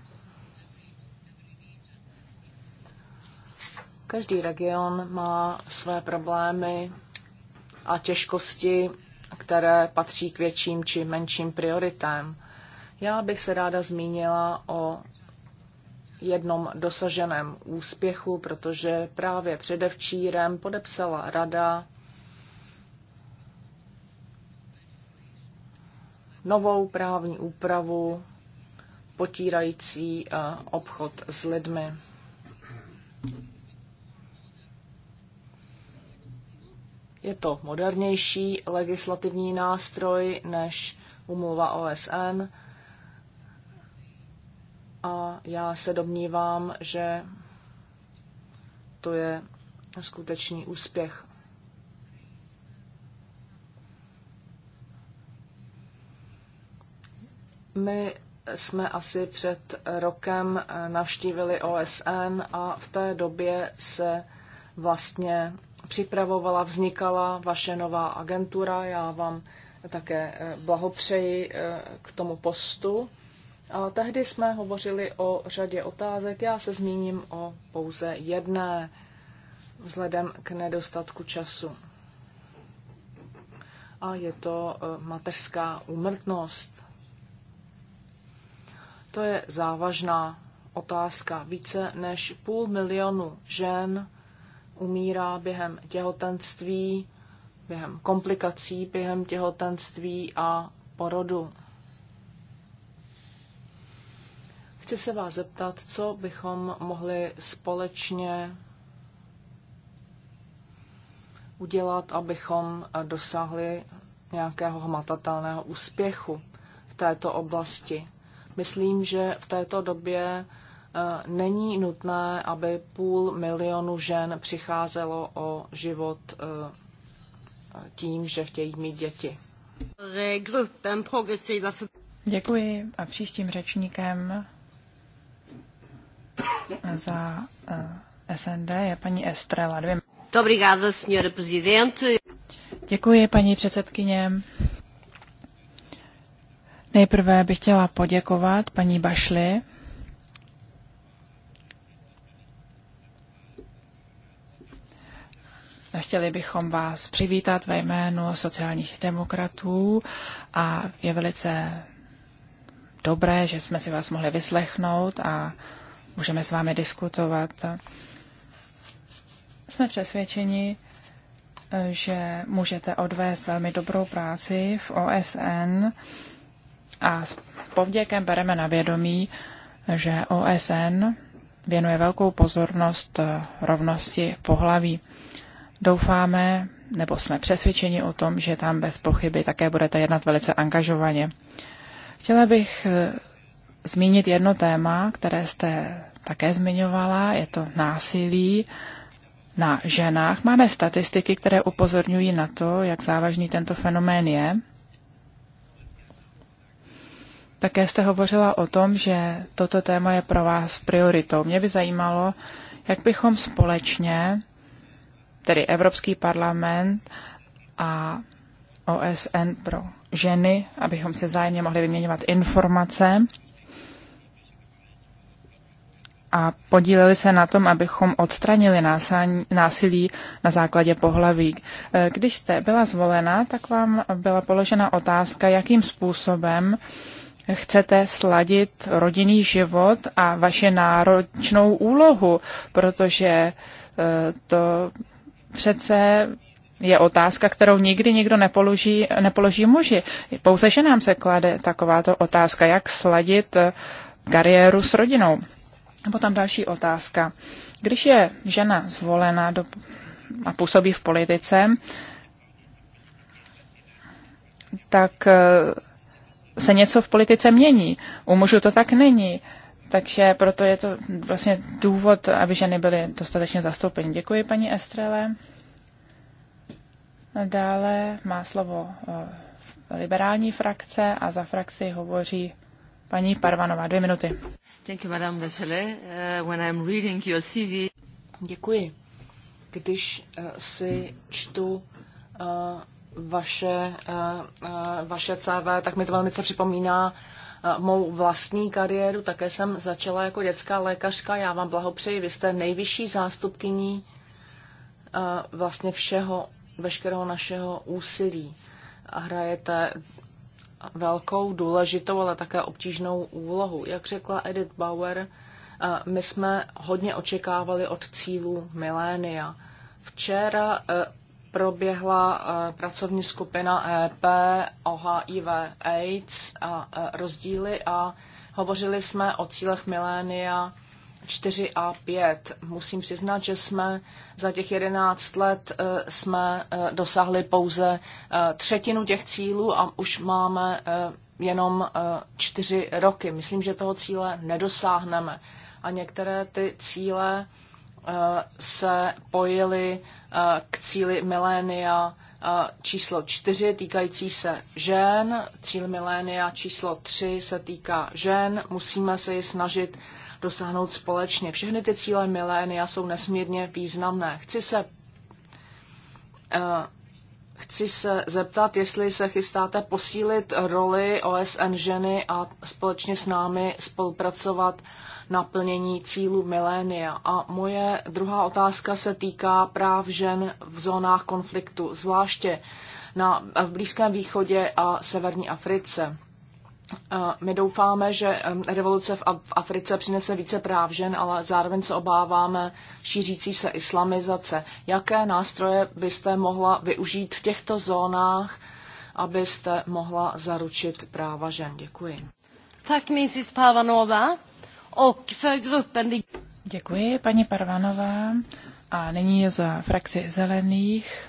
Každý region má své problémy a těžkosti, které patří k větším či menším prioritám. Já bych se ráda zmínila o jednom dosaženém úspěchu, protože právě předevčírem podepsala Rada novou právní úpravu potírající eh, obchod s lidmi. Je to modernější legislativní nástroj než umluva OSN a já se domnívám, že to je skutečný úspěch. My jsme asi před rokem navštívili OSN a v té době se vlastně připravovala, vznikala vaše nová agentura. Já vám také eh, blahopřeji eh, k tomu postu. A tehdy jsme hovořili o řadě otázek, já se zmíním o pouze jedné, vzhledem k nedostatku času. A je to eh, mateřská úmrtnost. To je závažná otázka. Více než půl milionu žen umírá během těhotenství, během komplikací během těhotenství a porodu. Chci se vás zeptat, co bychom mohli společně udělat, abychom dosáhli nějakého hmatatelného úspěchu v této oblasti. Myslím, že v této době E, není nutné, aby půl milionu žen přicházelo o život e, tím, že chtějí mít děti. Děkuji a příštím řečníkem za e, SND je paní Estrela. Děkuji, paní předsedkyně. Nejprve bych chtěla poděkovat paní Bašli Chtěli bychom vás přivítat ve jménu sociálních demokratů a je velice dobré, že jsme si vás mohli vyslechnout a můžeme s vámi diskutovat. Jsme přesvědčeni, že můžete odvést velmi dobrou práci v OSN a s povděkem bereme na vědomí, že OSN věnuje velkou pozornost rovnosti pohlaví. Doufáme, nebo jsme přesvědčeni o tom, že tam bez pochyby také budete jednat velice angažovaně. Chtěla bych eh, zmínit jedno téma, které jste také zmiňovala, je to násilí na ženách. Máme statistiky, které upozorňují na to, jak závažný tento fenomén je. Také jste hovořila o tom, že toto téma je pro vás prioritou. Mě by zajímalo, jak bychom společně tedy Evropský parlament a OSN pro ženy, abychom si zájemně mohli vyměňovat informace a podíleli se na tom, abychom odstranili násilí na základě pohlaví. Eh, když jste byla zvolena, tak vám byla položena otázka, jakým způsobem chcete sladit rodinný život a vaše náročnou úlohu, protože eh, to přece je otázka, kterou nikdy nikdo nepoloží, nepoloží muži. Pouze ženám se klade takováto otázka, jak sladit eh, kariéru s rodinou. Nebo tam další otázka. Když je žena zvolena do, a působí v politice, tak eh, se něco v politice mění. U mužů to tak není. Takže proto je to vlastně důvod, aby ženy byly dostatečně zastoupeny. Děkuji, paní Estrele. Dále má slovo eh, liberální frakce a za frakci hovoří paní Parvanová. Dvě minuty. Eh, Děkuji. Když eh, si čtu vaše, vaše CV, tak mi to velmi se připomíná Eh, mou vlastní kariéru. Také jsem začala jako dětská lékařka. Já vám blahopřeji, vy jste nejvyšší zástupkyní eh, vlastně všeho, veškerého našeho úsilí. A hrajete velkou, důležitou, ale také obtížnou úlohu. Jak řekla Edith Bauer, eh, my jsme hodně očekávali od cílů milénia. Včera proběhla eh, pracovní skupina EP o HIV AIDS a eh, rozdíly a hovořili jsme o cílech milénia 4 a 5. Musím přiznat, že jsme za těch 11 let eh, jsme dosáhli pouze třetinu těch cílů a už máme jenom čtyři roky. Myslím, že toho cíle nedosáhneme. A některé ty cíle se pojily eh, k cíli milénia eh, číslo čtyři týkající se žen, cíl milénia číslo tři se týká žen, musíme se ji snažit dosáhnout společně. Všechny ty cíle milénia jsou nesmírně významné. Chci se, eh, chci se zeptat, jestli se chystáte posílit roli OSN ženy a společně s námi spolupracovat naplnění cílu milénia. A moje druhá otázka se týká práv žen v zónách konfliktu, zvláště na, v Blízkém východě a Severní Africe. Eh, my doufáme, že revoluce v Africe přinese více práv žen, ale zároveň se obáváme šířící se islamizace. Jaké nástroje byste mohla využít v těchto zónách, abyste mohla zaručit práva žen? Děkuji. Tak, Mrs. Pavanova. Och för gruppen... Děkuji, paní Parvanová. A nyní je za frakci zelených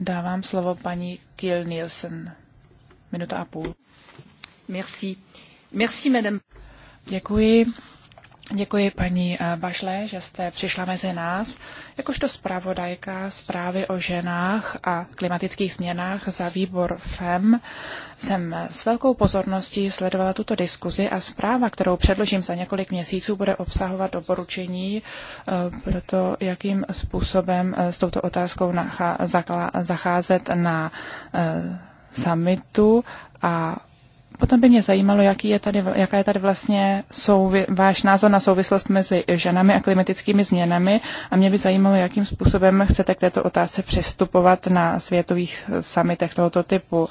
Dávám slovo paní Kiel Nielsen. Minuta a půl. Merci. Merci, madame. Děkuji, Děkuji paní eh, Bašle, že jste přišla mezi nás. Jakožto zpravodajka zprávy o ženách a klimatických změnách za výbor FEM jsem s velkou pozorností sledovala tuto diskuzi a zpráva, kterou předložím za několik měsíců, bude obsahovat doporučení eh, pro to, jakým způsobem eh, s touto otázkou zacházet na summitu a Potom by mě zajímalo, jaký je tady, jaká je tady vlastně souvi, váš názor na souvislost mezi ženami a klimatickými změnami a mě by zajímalo, jakým způsobem chcete k této otázce přistupovat na světových eh, summitech tohoto typu.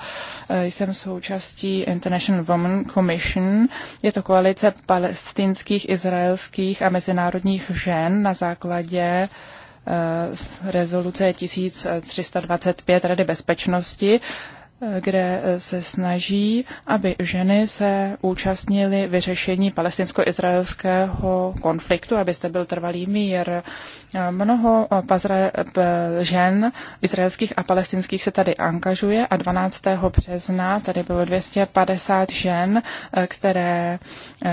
Eh, jsem součástí International Women Commission. Je to koalice palestinských, izraelských a mezinárodních žen na základě eh, rezoluce 1325 Rady bezpečnosti kde se snaží, aby ženy se účastnily vyřešení palestinsko-izraelského konfliktu, aby zde byl trvalý mír. Mnoho pazre, žen izraelských a palestinských se tady angažuje a 12. března tady bylo 250 žen, které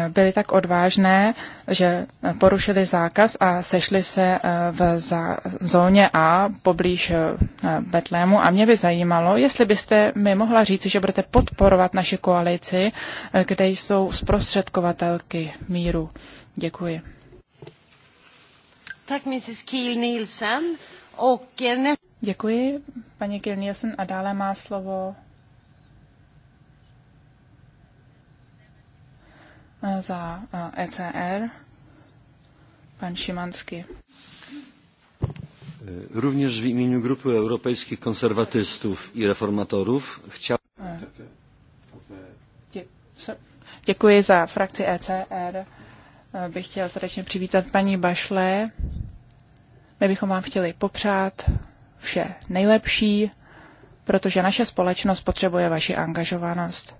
byly tak odvážné, že porušili zákaz a sešli se v zóně A poblíž Betlému. A mě by zajímalo, jestli byste mi mohla říct, že budete podporovat naši koalici, eh, kde jsou zprostředkovatelky míru. Děkuji. Tak Mrs. Kiel Nielsen. Děkuji, paní Kiel Nielsen. A dále má slovo eh, za ECR eh, e pan Šimanský. Również w imieniu Grupy Europejskich Konserwatystów i Reformatorów chciałbym... Děkuji za frakci ECR. Eh, bych chtěl srdečně přivítat paní Bašle. My bychom vám chtěli popřát vše nejlepší, protože naše společnost potřebuje vaši angažovanost.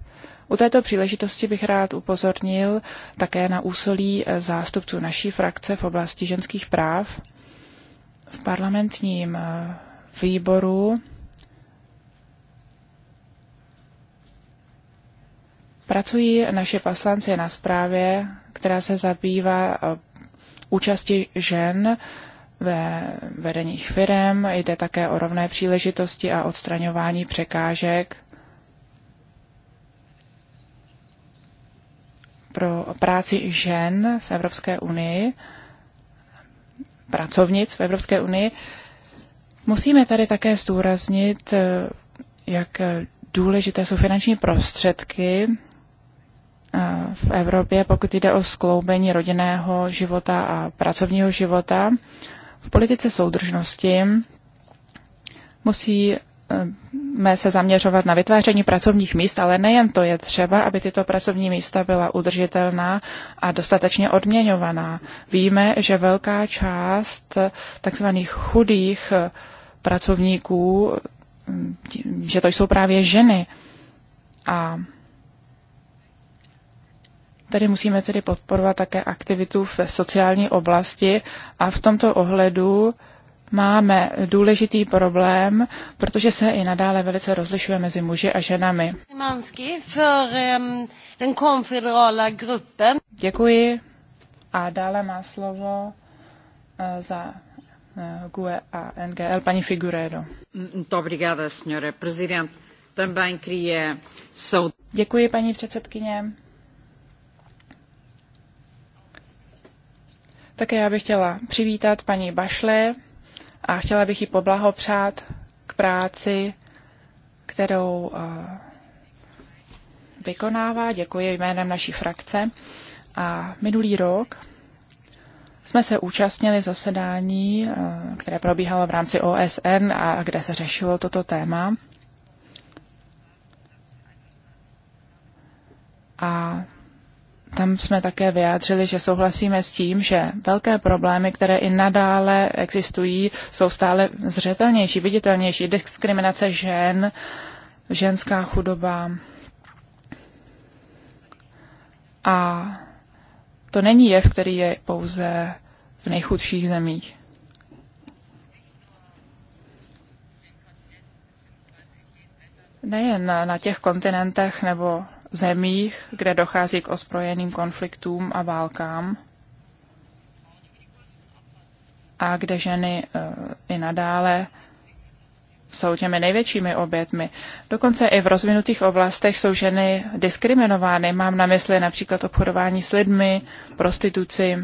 U této příležitosti bych rád upozornil také na úsilí eh, zástupců naší frakce v oblasti ženských práv v parlamentním eh, výboru pracují naše poslanci na zprávě, která se zabývá eh, účasti žen ve vedeních firm, jde také o rovné příležitosti a odstraňování překážek pro práci žen v Evropské unii pracovnic v Evropské unii. Musíme tady také zdůraznit, eh, jak důležité jsou finanční prostředky eh, v Evropě, pokud jde o skloubení rodinného života a pracovního života. V politice soudržnosti musí eh, máme se zaměřovat na vytváření pracovních míst, ale nejen to je třeba, aby tyto pracovní místa byla udržitelná a dostatečně odměňovaná. Víme, že velká část takzvaných chudých pracovníků, že to jsou právě ženy. A Tady musíme tedy podporovat také aktivitu v sociální oblasti a v tomto ohledu máme důležitý problém, protože se i nadále velice rozlišuje mezi muži a ženami. Děkuji a dále má slovo eh, za eh, GUE a NGL paní Figuredo. Mm, mm, Děkuji, paní předsedkyně. Také já bych chtěla přivítat paní Bašle, a chtěla bych jí poblahopřát k práci, kterou eh, vykonává. Děkuji jménem naší frakce. A minulý rok jsme se účastnili zasedání, eh, které probíhalo v rámci OSN a kde se řešilo toto téma. A tam jsme také vyjádřili, že souhlasíme s tím, že velké problémy, které i nadále existují, jsou stále zřetelnější, viditelnější. Diskriminace žen, ženská chudoba. A to není jev, který je pouze v nejchudších zemích. Nejen na těch kontinentech nebo zemích, kde dochází k ozbrojeným konfliktům a válkám a kde ženy eh, i nadále jsou těmi největšími obětmi. Dokonce i v rozvinutých oblastech jsou ženy diskriminovány. Mám na mysli například obchodování s lidmi, prostituci.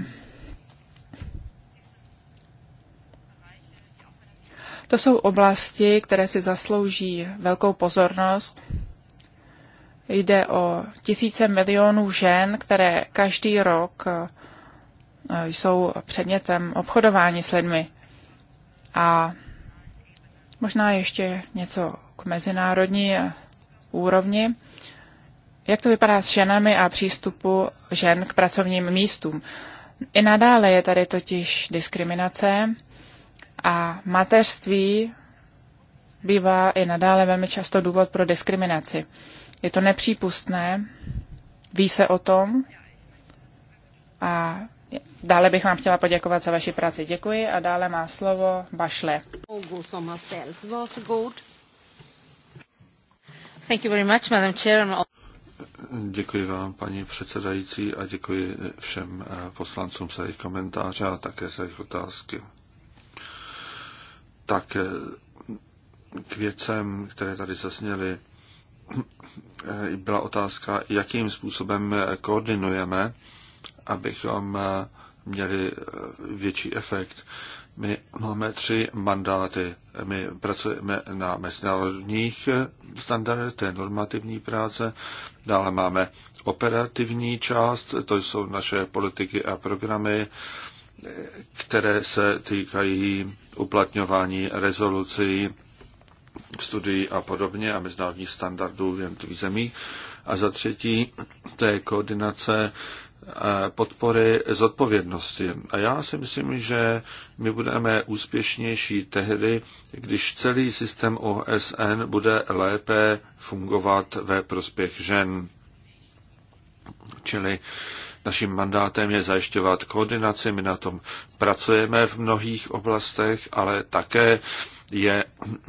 To jsou oblasti, které si zaslouží velkou pozornost Jde o tisíce milionů žen, které každý rok eh, jsou předmětem obchodování s lidmi. A možná ještě něco k mezinárodní eh, úrovni. Jak to vypadá s ženami a přístupu žen k pracovním místům? I nadále je tady totiž diskriminace a mateřství bývá i nadále velmi často důvod pro diskriminaci. Je to nepřípustné, ví se o tom a dále bych vám chtěla poděkovat za vaši práci. Děkuji a dále má slovo Bašle. Thank you very much, Děkuji vám, paní předsedající, a děkuji všem eh, poslancům za jejich komentáře a také za jejich otázky. Tak eh, k věcem, které tady zasněly, Eh, byla otázka, jakým způsobem eh, koordinujeme, abychom eh, měli větší efekt. My máme tři mandáty. My pracujeme na mezinárodních standardech, to je normativní práce. Dále máme operativní část, to jsou naše politiky a programy, které se týkají uplatňování rezolucí studií a podobně a mezinárodních standardů v jednotlivých zemích. A za třetí, to je koordinace eh, podpory zodpovědnosti. A já si myslím, že my budeme úspěšnější tehdy, když celý systém OSN bude lépe fungovat ve prospěch žen. Čili naším mandátem je zajišťovat koordinaci, my na tom pracujeme v mnohých oblastech, ale také je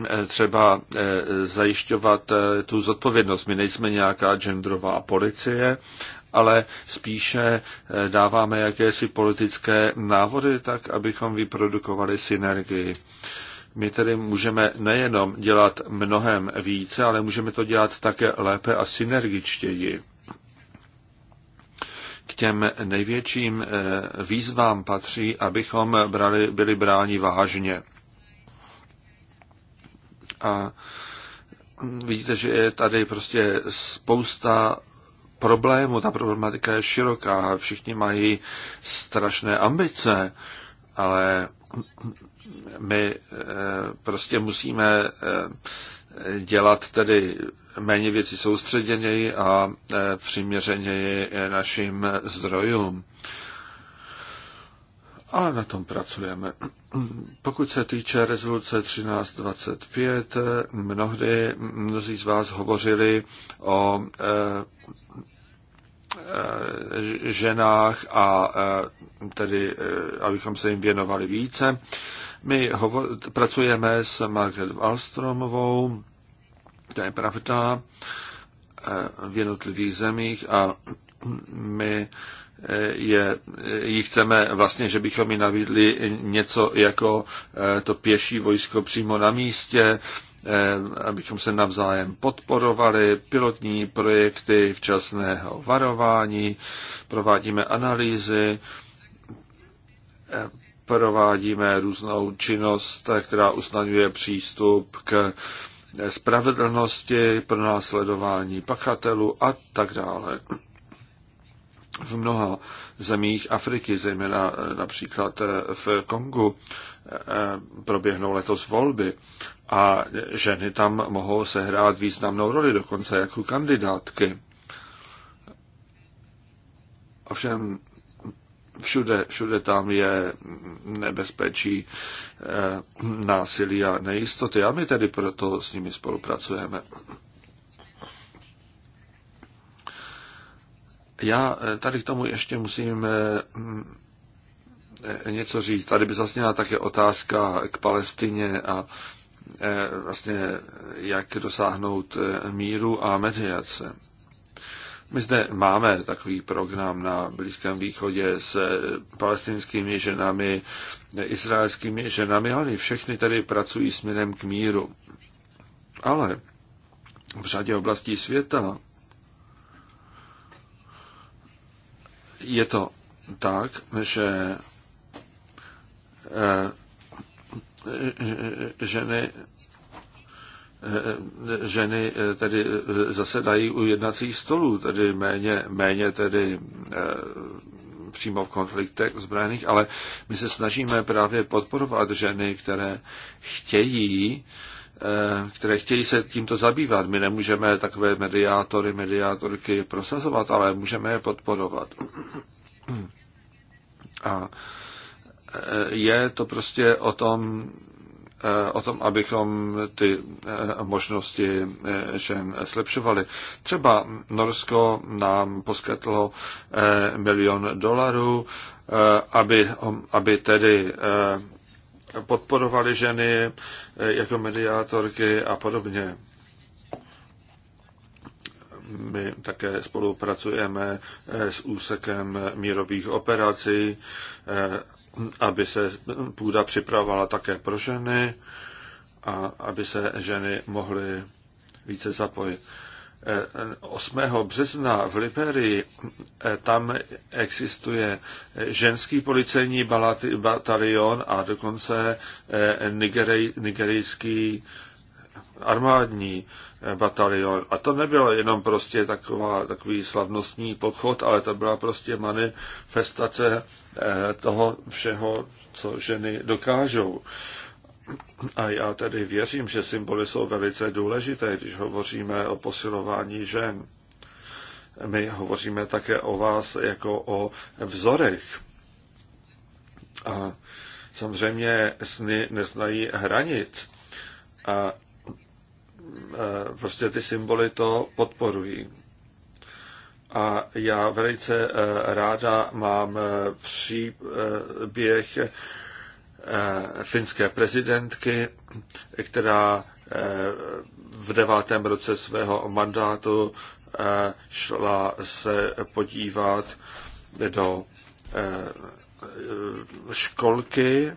eh, třeba eh, zajišťovat eh, tu zodpovědnost. My nejsme nějaká genderová policie, ale spíše dáváme jakési politické návody tak, abychom vyprodukovali synergii. My tedy můžeme nejenom dělat mnohem více, ale můžeme to dělat také lépe a synergičtěji. K těm největším výzvám patří, abychom brali, byli bráni vážně. A vidíte, že je tady prostě spousta problémů, ta problematika je široká, všichni mají strašné ambice, ale my eh, prostě musíme eh, dělat tedy méně věcí soustředěněji a eh, přiměřeněji našim zdrojům. A na tom pracujeme. Pokud se týče rezoluce 1325, mnohdy mnozí z vás hovořili o eh, eh, ženách a eh, tedy, abychom se jim věnovali více. My hovo- pracujeme s Margaret Wallstromovou, to je pravda, v jednotlivých zemích a my je, ji chceme vlastně, že bychom ji navídli něco jako eh, to pěší vojsko přímo na místě, eh, abychom se navzájem podporovali, pilotní projekty včasného varování, provádíme analýzy, eh, provádíme různou činnost, která usnadňuje přístup k spravedlnosti, pro následování pachatelů a tak dále v mnoha zemích Afriky, zejména eh, například eh, v Kongu, eh, proběhnou letos volby a ženy tam mohou sehrát významnou roli, dokonce jako kandidátky. Ovšem všude, všude tam je nebezpečí násilí a nejistoty a my tedy proto s nimi spolupracujeme. Já eh, tady k tomu ještě musím eh, mm, eh, něco říct. Tady by zazněla také otázka k Palestině a vlastně jak dosáhnout míru a mediace. My zde máme takový program na Blízkém východě s palestinskými ženami, izraelskými ženami, ale všechny tady pracují směrem k míru. Ale v řadě oblastí světa je to tak, že eh, eh, ženy eh, ženy tedy zasedají u jednacích stolů, tedy méně, méně tedy přímo v konfliktech zbraných, ale my se snažíme právě podporovat ženy, které chtějí Eh, které chtějí se tímto zabývat. My nemůžeme takové mediátory, mediátorky prosazovat, ale můžeme je podporovat. A eh, je to prostě o tom, eh, o tom, abychom ty možnosti žen zlepšovali. Třeba Norsko nám poskytlo milion dolarů, aby, aby tedy podporovali ženy eh, jako mediátorky a podobně. My také spolupracujeme eh, s úsekem mírových operací, eh, aby se půda připravovala také pro ženy a aby se ženy mohly více zapojit. 8. března v Liberii, eh, tam existuje ženský policejní batalion a dokonce eh, nigerej, nigerijský armádní eh, batalion. A to nebylo jenom prostě taková, takový slavnostní pochod, ale to byla prostě manifestace toho všeho, co ženy dokážou. A já tedy věřím, že symboly jsou velice důležité, když hovoříme o posilování žen. My hovoříme také o vás jako o vzorech. A samozřejmě sny neznají hranic. A e, prostě ty symboly to podporují. A já velice e, ráda mám e, příběh Eh, finské prezidentky, která eh, v devátém roce svého mandátu eh, šla se podívat do školky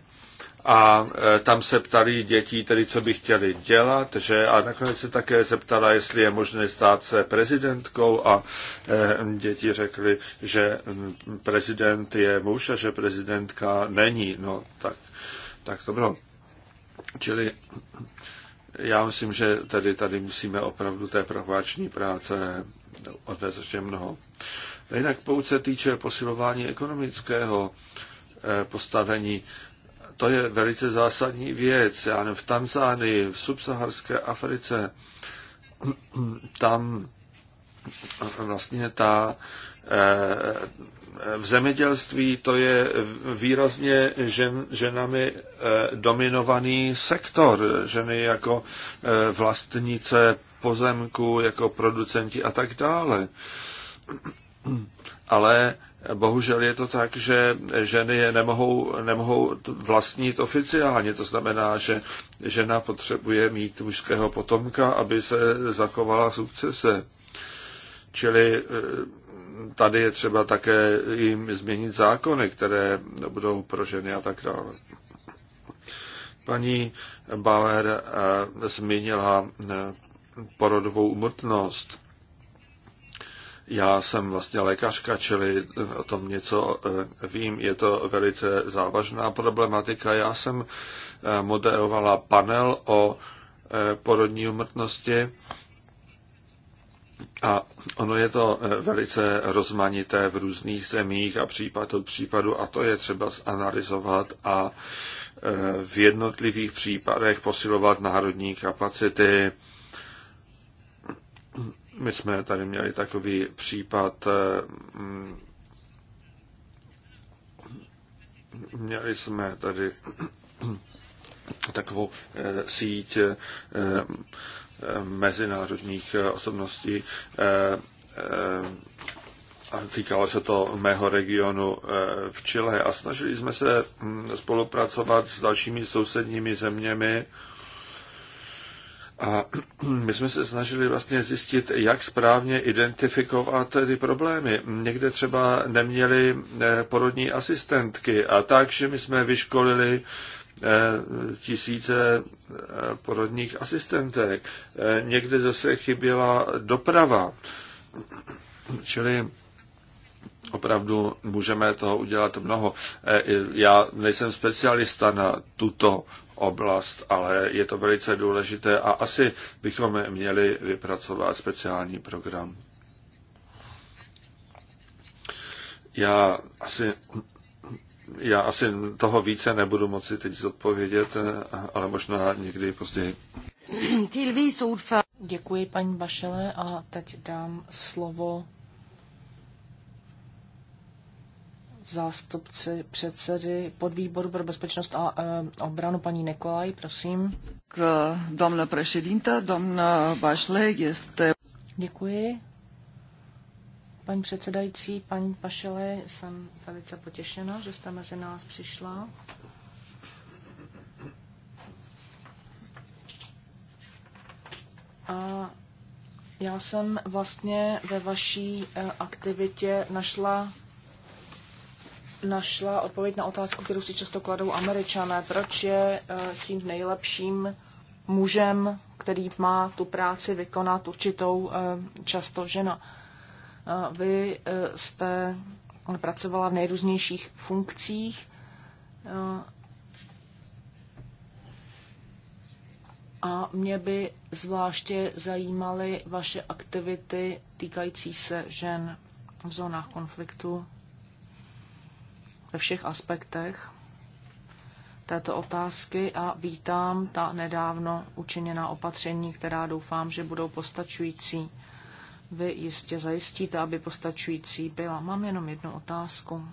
a tam se ptali dětí, tedy co by chtěli dělat, že a nakonec se také zeptala, jestli je možné stát se prezidentkou a děti řekly, že mm, prezident je muž a že prezidentka není. No tak tak to bylo. Čili já myslím, že tady, tady musíme opravdu té prohváční práce odvést ještě mnoho. A jinak pokud se týče posilování ekonomického eh, postavení, to je velice zásadní věc. Já nevím, v Tanzánii, v subsaharské Africe, tam vlastně ta eh, v zemědělství to je výrazně žen, ženami eh, dominovaný sektor. Ženy jako eh, vlastnice pozemku, jako producenti a tak dále. Ale bohužel je to tak, že ženy je nemohou, nemohou vlastnit oficiálně. To znamená, že žena potřebuje mít mužského potomka, aby se zachovala sukcese. Čili eh, tady je třeba také jim změnit zákony, které budou pro ženy a tak dále. Paní Bauer eh, zmínila eh, porodovou umrtnost. Já jsem vlastně lékařka, čili o tom něco eh, vím. Je to velice závažná problematika. Já jsem moderovala panel o porodní umrtnosti a ono je to eh, velice rozmanité v různých zemích a případ od případu a to je třeba zanalizovat a eh, v jednotlivých případech posilovat národní kapacity. My jsme tady měli takový případ, eh, měli jsme tady takovou síť mezinárodních eh, osobností. Eh, eh, a týkalo se to mého regionu v Chile a snažili jsme se hm, spolupracovat s dalšími sousedními zeměmi, a hm, my jsme se snažili vlastně zjistit, jak správně identifikovat ty problémy. Někde třeba neměli porodní asistentky a takže my jsme vyškolili Eh, tisíce eh, porodních asistentek. Eh, někde zase chyběla doprava. Čili opravdu můžeme toho udělat mnoho. Já nejsem specialista na tuto oblast, ale je to velice důležité a asi bychom měli vypracovat speciální program. Já asi já asi toho více nebudu moci teď zodpovědět, ale možná někdy později. Děkuji paní Bašele a teď dám slovo zástupci předsedy podvýboru pro bezpečnost a e, obranu paní Nikolaj, prosím. K domna prešedinta, domna Bašle, jste. Děkuji. Paní předsedající, paní Pašele, jsem velice potěšena, že jste mezi nás přišla. A já jsem vlastně ve vaší eh, aktivitě našla našla odpověď na otázku, kterou si často kladou američané. Proč je eh, tím nejlepším mužem, který má tu práci vykonat určitou eh, často žena? Vy e, jste e, pracovala v nejrůznějších funkcích. E, a mě by zvláště zajímaly vaše aktivity týkající se žen v zónách konfliktu ve všech aspektech této otázky a vítám ta nedávno učiněná opatření, která doufám, že budou postačující vy jistě zajistíte, aby postačující byla. Mám jenom jednu otázku.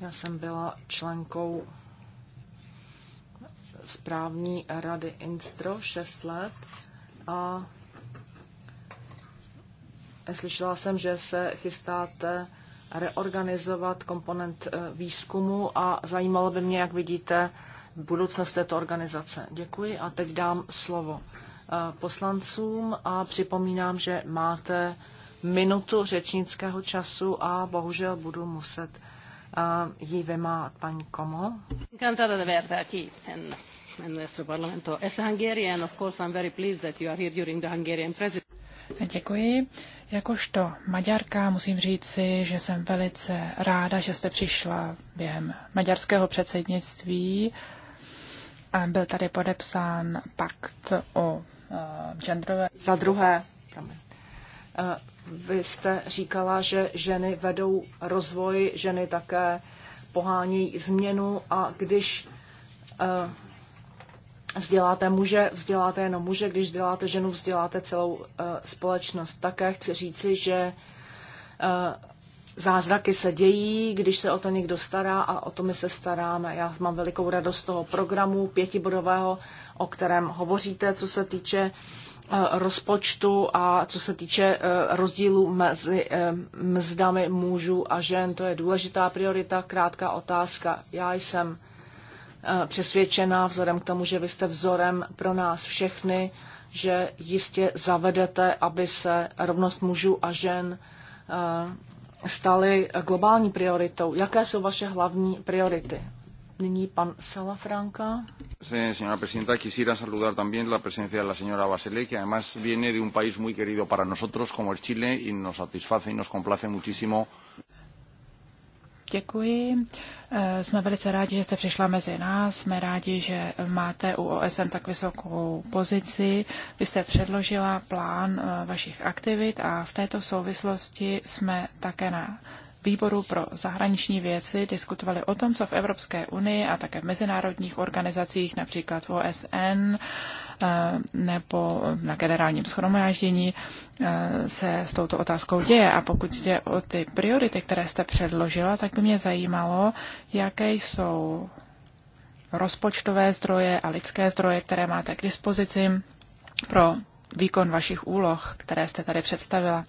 Já jsem byla členkou správní rady Instro 6 let a slyšela jsem, že se chystáte reorganizovat komponent eh, výzkumu a zajímalo by mě, jak vidíte budoucnost této organizace. Děkuji a teď dám slovo Eh, poslancům a připomínám, že máte minutu řečnického času a bohužel budu muset eh, ji vymát paní Komo. Encantada de verte aquí en, en nuestro parlamento. Es of course I'm very pleased that you are here during the Hungarian president. Děkuji. Jakožto Maďarka musím říci, že jsem velice ráda, že jste přišla během maďarského předsednictví. Uh, byl tady podepsán pakt o eh, genderové... Za druhé, eh, vy jste říkala, že ženy vedou rozvoj, ženy také pohánějí změnu a když eh, vzděláte muže, vzděláte jenom muže, když vzděláte ženu, vzděláte celou společnost. Také chci říci, že zázraky se dějí, když se o to někdo stará a o to my se staráme. Já mám velikou radost toho programu pětibodového, o kterém hovoříte, co se týče e, rozpočtu a co se týče e, rozdílu mezi e, mzdami mužů a žen. To je důležitá priorita, krátká otázka. Já jsem přesvědčená, vzhledem k tomu, že vy jste vzorem pro nás všechny, že jistě zavedete, aby se rovnost mužů a žen staly globální prioritou. Jaké jsou vaše hlavní priority? Nyní pan Salafranca. Eh, señora presidenta, quisiera saludar también la presencia de la señora Bachelet, que además viene de un país muy querido para nosotros, como es Chile, y nos satisface y nos complace muchísimo Děkuji. Eh, jsme velice rádi, že jste přišla mezi nás. Jsme rádi, že máte u OSN tak vysokou pozici. Vy jste předložila plán eh, vašich aktivit a v této souvislosti jsme také na výboru pro zahraniční věci diskutovali o tom, co v Evropské unii a také v mezinárodních organizacích, například v OSN, Eh, nebo na generálním schromáždění eh, se s touto otázkou děje. A pokud jde o ty priority, které jste předložila, tak by mě zajímalo, jaké jsou rozpočtové zdroje a lidské zdroje, které máte k dispozici pro výkon vašich úloh, které jste tady představila. Uh,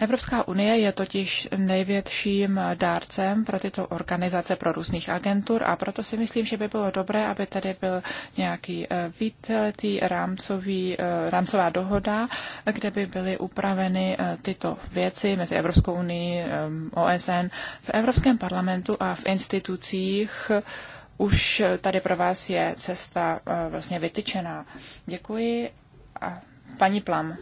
Evropská unie je totiž největším dárcem pro tyto organizace, pro různých agentur a proto si myslím, že by bylo dobré, aby tady byl nějaký eh, výtletý rámcový, eh, rámcová dohoda, kde by byly upraveny eh, tyto věci mezi Evropskou unii, OSN, v Evropském parlamentu a v institucích, už tady pro vás je cesta vlastně vytyčená. Děkuji a paní Plam.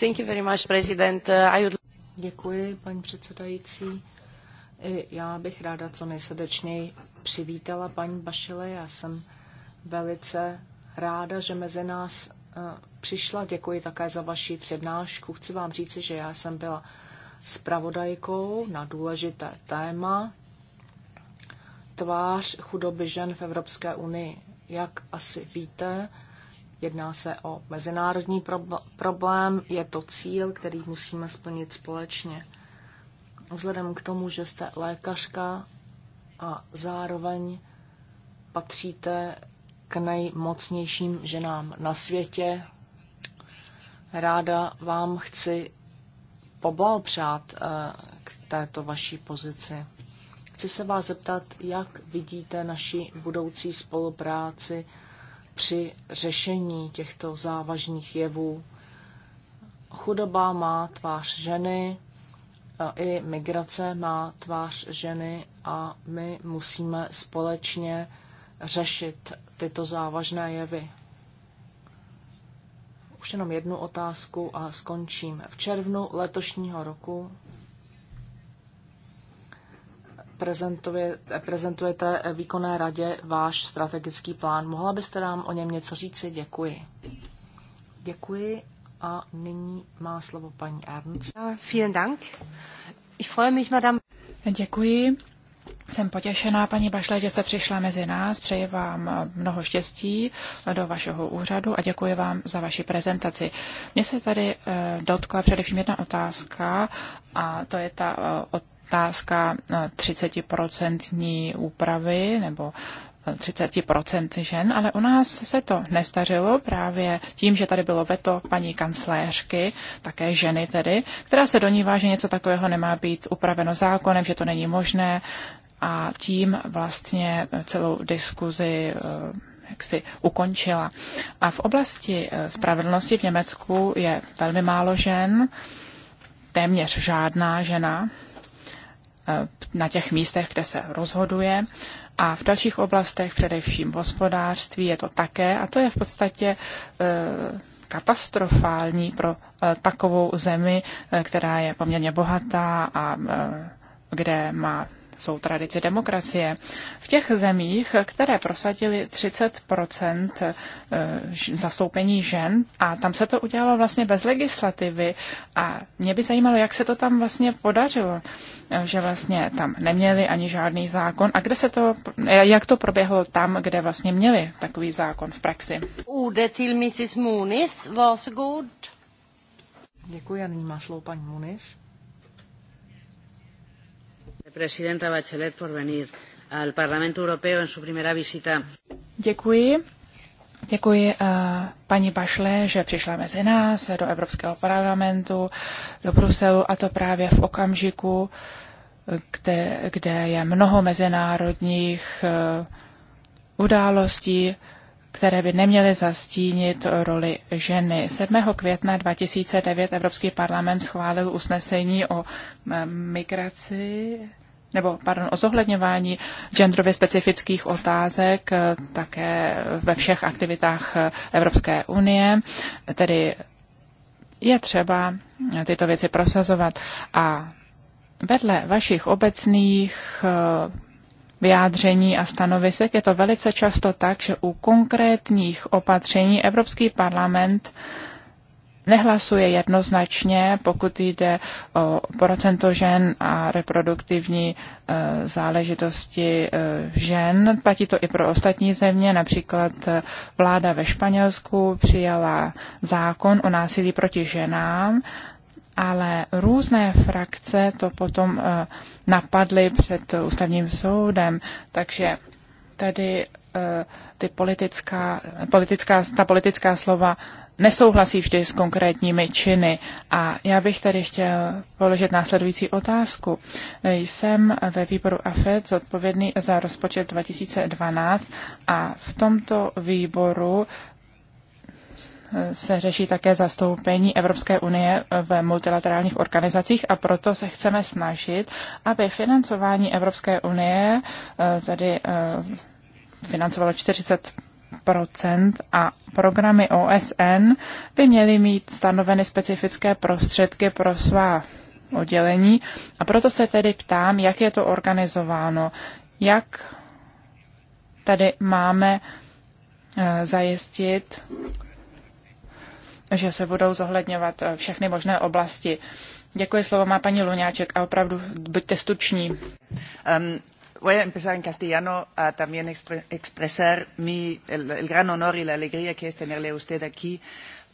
Thank you very much, President. I would... Děkuji, paní předsedající. Já bych ráda co nejsrdečněji přivítala paní Bašile. Já jsem velice ráda, že mezi nás eh, přišla. Děkuji také za vaši přednášku. Chci vám říci, že já jsem byla spravodajkou na důležité téma tvář chudoby žen v Evropské unii. Jak asi víte, Jedná se o mezinárodní problém, je to cíl, který musíme splnit společně. Vzhledem k tomu, že jste lékařka a zároveň patříte k nejmocnějším ženám na světě, ráda vám chci poblahopřát eh, k této vaší pozici. Chci se vás zeptat, jak vidíte naši budoucí spolupráci při řešení těchto závažných jevů. Chudoba má tvář ženy, i migrace má tvář ženy a my musíme společně řešit tyto závažné jevy. Už jenom jednu otázku a skončím. V červnu letošního roku prezentuje, prezentujete výkonné radě váš strategický plán. Mohla byste nám o něm něco říci? Děkuji. Děkuji a nyní má slovo paní Ernst. Vielen Dank. Ich freue mich, madame. Děkuji. Jsem potěšená, paní Bašle, že jste přišla mezi nás. Přeji vám mnoho štěstí do vašeho úřadu a děkuji vám za vaši prezentaci. Mně se tady eh, dotkla především jedna otázka a to je ta otázka, eh, otázka 30% eh, úpravy nebo 30% eh, žen, ale u nás se to nestařilo právě tím, že tady bylo veto paní kancléřky, také ženy tedy, která se donívá, že něco takového nemá být upraveno zákonem, že to není možné a tím vlastně celou diskuzi eh, jak si ukončila. A v oblasti spravedlnosti v Německu je velmi málo žen, téměř žádná žena, Eh, na těch místech, kde se rozhoduje. A v dalších oblastech, především v hospodářství, je to také. A to je v podstatě eh, katastrofální pro eh, takovou zemi, která je poměrně bohatá a kde má jsou tradici demokracie. V těch zemích, které prosadili 30 eh, zastoupení žen, a tam se to udělalo vlastně bez legislativy, a mě by zajímalo, jak se to tam vlastně podařilo, eh, že vlastně tam neměli ani žádný zákon a kde se to, eh, jak to proběhlo tam, kde vlastně měli takový zákon v praxi. Ude til Mrs. Munis, good. Děkuji a nyní má slovo paní Munis. Presidenta Bachelet por venir al Parlamento Europeo en su primera visita. Děkuji. Děkuji eh, paní Bachelet, že přišla mezi nás do Evropského parlamentu, do Bruselu a to právě v okamžiku, kde, kde je mnoho mezinárodních eh, událostí, které by neměly zastínit roli ženy. 7. května 2009 Evropský parlament schválil usnesení o eh, migraci nebo pardon, o zohledňování genderově specifických otázek eh, také ve všech aktivitách eh, Evropské unie, tedy je třeba eh, tyto věci prosazovat a vedle vašich obecných vyjádření a stanovisek je to velice často tak, že u konkrétních opatření Evropský parlament nehlasuje jednoznačně, pokud jde o procento žen a reproduktivní e, záležitosti e, žen. Platí to i pro ostatní země, například e, vláda ve Španělsku přijala zákon o násilí proti ženám, ale různé frakce to potom napadly před ústavním soudem, takže tady ty politická, politická, ta politická slova nesouhlasí vždy s konkrétními činy. A já bych tady chtěl položit následující otázku. Jsem ve výboru AFED zodpovědný za rozpočet 2012 a v tomto výboru se řeší také zastoupení Evropské unie v multilaterálních organizacích a proto se chceme snažit, aby financování Evropské unie eh, tady eh, financovalo 40 a programy OSN by měly mít stanoveny specifické prostředky pro svá oddělení. A proto se tedy ptám, jak je to organizováno, jak tady máme e, zajistit, že se budou zohledňovat e, všechny možné oblasti. Děkuji, slovo má paní Luňáček a opravdu buďte stuční. Um, Voy a empezar en castellano a también expre expresar mi, el, el gran honor y la alegría que es tenerle a usted aquí,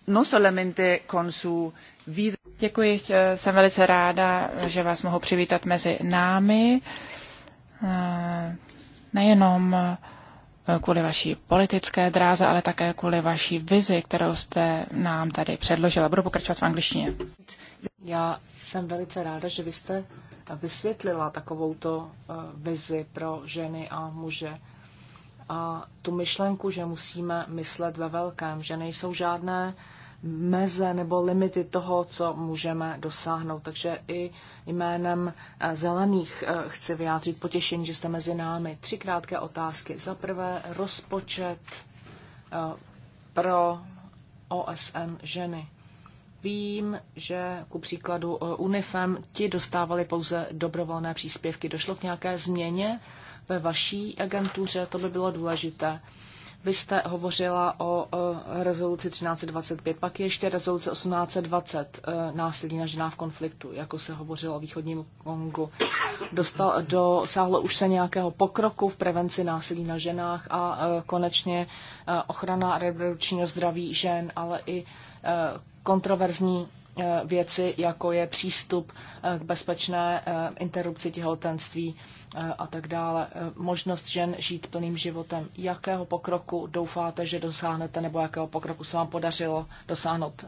no solamente con su vida. Děkuji, eh, jsem velice ráda, že vás mohu přivítat mezi námi. Eh, nejenom eh, kvůli vaší politické dráze, ale také kvůli vaší vizi, kterou jste nám tady předložila. Budu pokračovat v angličtině. Já jsem velice ráda, že vy jste vysvětlila takovouto eh, vizi pro ženy a muže. A tu myšlenku, že musíme myslet ve velkém, že nejsou žádné meze nebo limity toho, co můžeme dosáhnout. Takže i jménem eh, zelených eh, chci vyjádřit potěšení, že jste mezi námi. Tři krátké otázky. Za prvé, rozpočet pro OSN ženy. Vím, že ku příkladu eh, UNIFEM ti dostávali pouze dobrovolné příspěvky. Došlo k nějaké změně ve vaší agentuře, to by bylo důležité. Vy jste hovořila o eh, rezoluci 1325, pak ještě rezoluce 1820, eh, násilí na ženách v konfliktu, jako se hovořilo o východním Kongu. Dostal, dosáhlo už se nějakého pokroku v prevenci násilí na ženách a konečně ochrana reprodukčního zdraví žen, ale i kontroverzní eh, věci, jako je přístup eh, k bezpečné eh, interrupci těhotenství a tak dále, možnost žen žít plným životem. Jakého pokroku doufáte, že dosáhnete, nebo jakého pokroku se vám podařilo dosáhnout?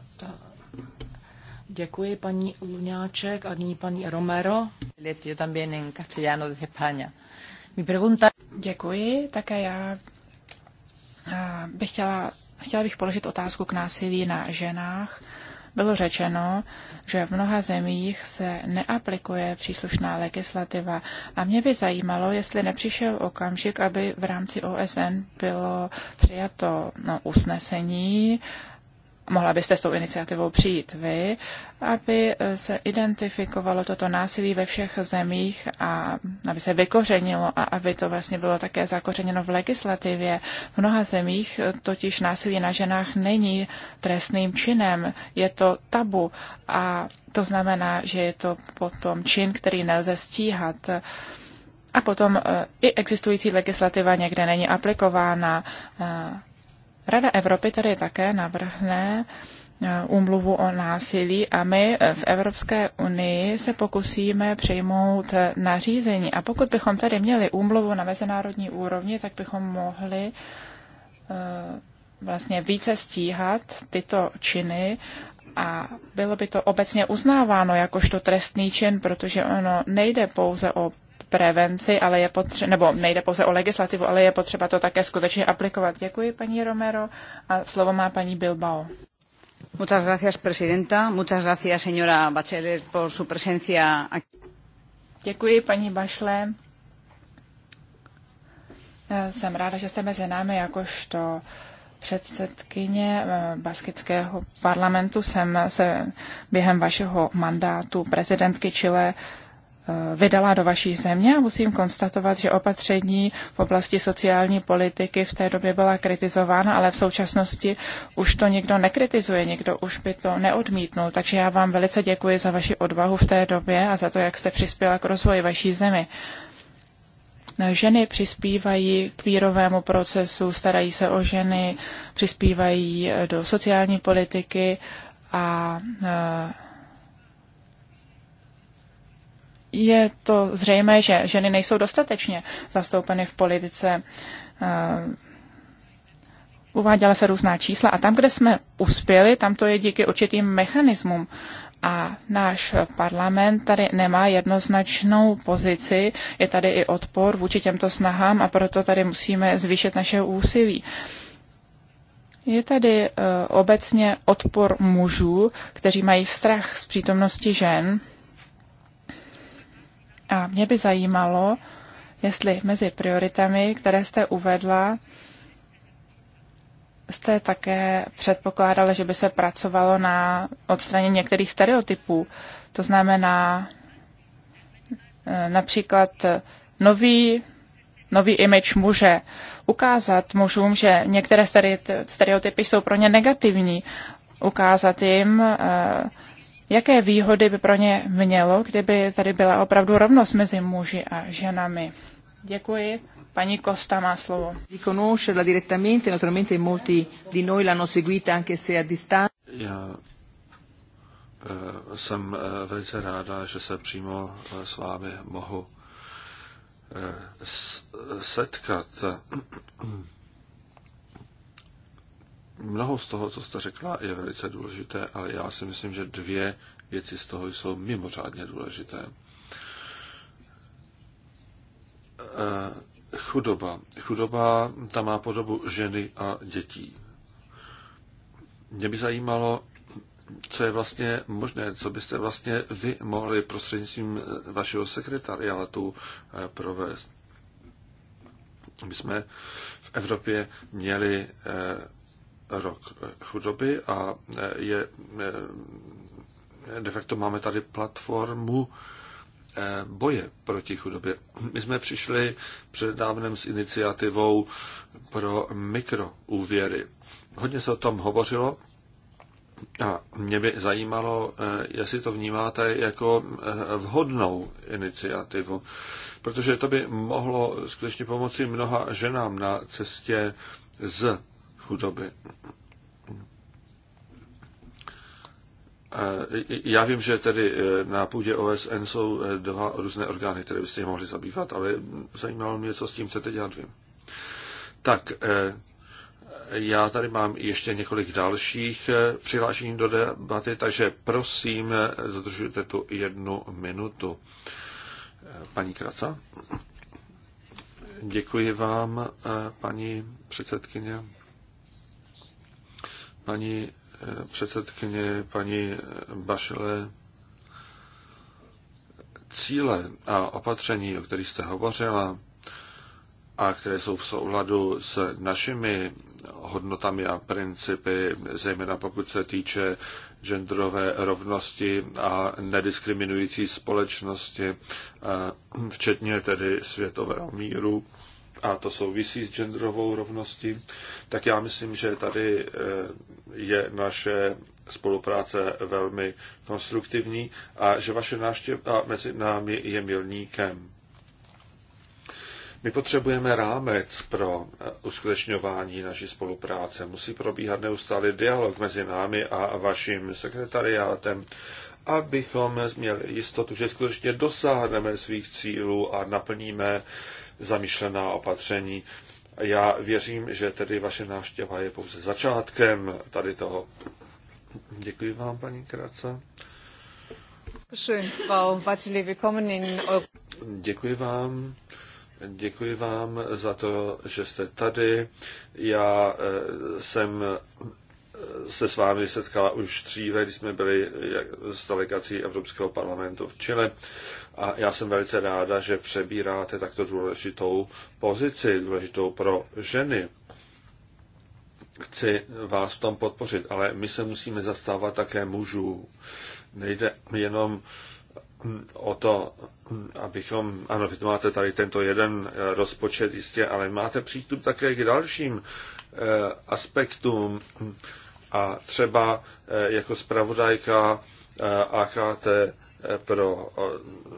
Děkuji paní Luňáček a nyní paní Romero. Děkuji, také já bych chtěla Chtěla bych položit otázku k násilí na ženách. Bylo řečeno, že v mnoha zemích se neaplikuje příslušná legislativa a mě by zajímalo, jestli nepřišel okamžik, aby v rámci OSN bylo přijato no, usnesení mohla byste s tou iniciativou přijít vy, aby eh, se identifikovalo toto násilí ve všech zemích a aby se vykořenilo a aby to vlastně bylo také zakořeněno v legislativě. V mnoha zemích eh, totiž násilí na ženách není trestným činem, je to tabu a to znamená, že je to potom čin, který nelze stíhat. A potom eh, i existující legislativa někde není aplikována Rada Evropy tady také navrhne eh, úmluvu o násilí a my eh, v Evropské unii se pokusíme přijmout eh, nařízení. A pokud bychom tady měli úmluvu na mezinárodní úrovni, tak bychom mohli vlastně více stíhat tyto činy a bylo by to obecně uznáváno jakožto trestný čin, protože ono nejde pouze o prevenci, ale je potřeba, nebo nejde pouze o legislativu, ale je potřeba to také skutečně aplikovat. Děkuji, paní Romero. A slovo má paní Bilbao. Muchas gracias, presidenta. Muchas gracias, señora Bachelet, por su presencia aquí. Děkuji, paní Bašle. Jsem ráda, že jste mezi námi jakožto předsedkyně eh, baskického parlamentu. Jsem se během vašeho mandátu prezidentky Chile vydala do vaší země a musím konstatovat, že opatření v oblasti sociální politiky v té době byla kritizována, ale v současnosti už to nikdo nekritizuje, nikdo už by to neodmítnul. Takže já vám velice děkuji za vaši odvahu v té době a za to, jak jste přispěla k rozvoji vaší zemi. Ženy přispívají k mírovému procesu, starají se o ženy, přispívají do sociální politiky a e, je to zřejmé, že ženy nejsou dostatečně zastoupeny v politice. Eh, uváděla se různá čísla a tam, kde jsme uspěli, tam to je díky určitým mechanismům. A náš parlament tady nemá jednoznačnou pozici, je tady i odpor vůči těmto snahám a proto tady musíme zvýšit naše úsilí. Je tady eh, obecně odpor mužů, kteří mají strach z přítomnosti žen a mě by zajímalo, jestli mezi prioritami, které jste uvedla, jste také předpokládala, že by se pracovalo na odstranění některých stereotypů. To znamená eh, například nový, nový image muže. Ukázat mužům, že některé stereotypy jsou pro ně negativní. Ukázat jim, eh, Jaké výhody by pro ně mělo, kdyby tady byla opravdu rovnost mezi muži a ženami? Děkuji. Pani Costa má slovo. Conoscerla direttamente, naturalmente molti di noi l'hanno seguita anche se a distanza. Já eh, jsem eh, velice ráda, že se přímo eh, s vámi mohu setkat mnoho z toho, co jste řekla, je velice důležité, ale já si myslím, že dvě věci z toho jsou mimořádně důležité. E, chudoba. Chudoba ta má podobu ženy a dětí. Mě by zajímalo, co je vlastně možné, co byste vlastně vy mohli prostřednictvím vašeho sekretariátu e, provést. My jsme v Evropě měli e, rok chudoby a je, eh, de facto máme tady platformu eh, boje proti chudobě. My jsme přišli předávnem s iniciativou pro mikroúvěry. Hodně se o tom hovořilo a mě by zajímalo, eh, jestli to vnímáte jako vhodnou iniciativu, protože to by mohlo skutečně pomoci mnoha ženám na cestě z chudoby. Já vím, že tedy eh, na půdě OSN jsou eh, dva různé orgány, které byste mohli zabývat, ale zajímalo mě, co s tím chcete dělat vy. Tak, eh, já tady mám ještě několik dalších přihlášení do debaty, takže prosím, zadržujte tu jednu minutu. Paní Kraca. Děkuji vám, paní předsedkyně. Paní eh, předsedkyně, paní eh, Bašle, cíle a opatření, o kterých jste hovořila, a které jsou v souladu s našimi hodnotami a principy, zejména pokud se týče genderové rovnosti a nediskriminující společnosti, eh, včetně tedy světového míru a to souvisí s genderovou rovností, tak já myslím, že tady eh, je naše spolupráce velmi konstruktivní a že vaše návštěva mezi námi je milníkem. My potřebujeme rámec pro eh, uskutečňování naší spolupráce. Musí probíhat neustálý dialog mezi námi a vaším sekretariátem, abychom měli jistotu, že skutečně dosáhneme svých cílů a naplníme zamýšlená opatření. Já věřím, že tedy vaše návštěva je pouze začátkem tady toho. Děkuji vám, paní Kráce. Děkuji vám. Děkuji vám za to, že jste tady. Já eh, jsem eh, se s vámi setkala už dříve, když jsme byli s delegací Evropského parlamentu v Chile a já jsem velice ráda, že přebíráte takto důležitou pozici, důležitou pro ženy. Chci vás v tom podpořit, ale my se musíme zastávat také mužů. Nejde jenom o to, abychom, ano, vy máte tady tento jeden rozpočet jistě, ale máte přístup také k dalším eh, aspektům a třeba eh, jako zpravodajka eh, AKT pro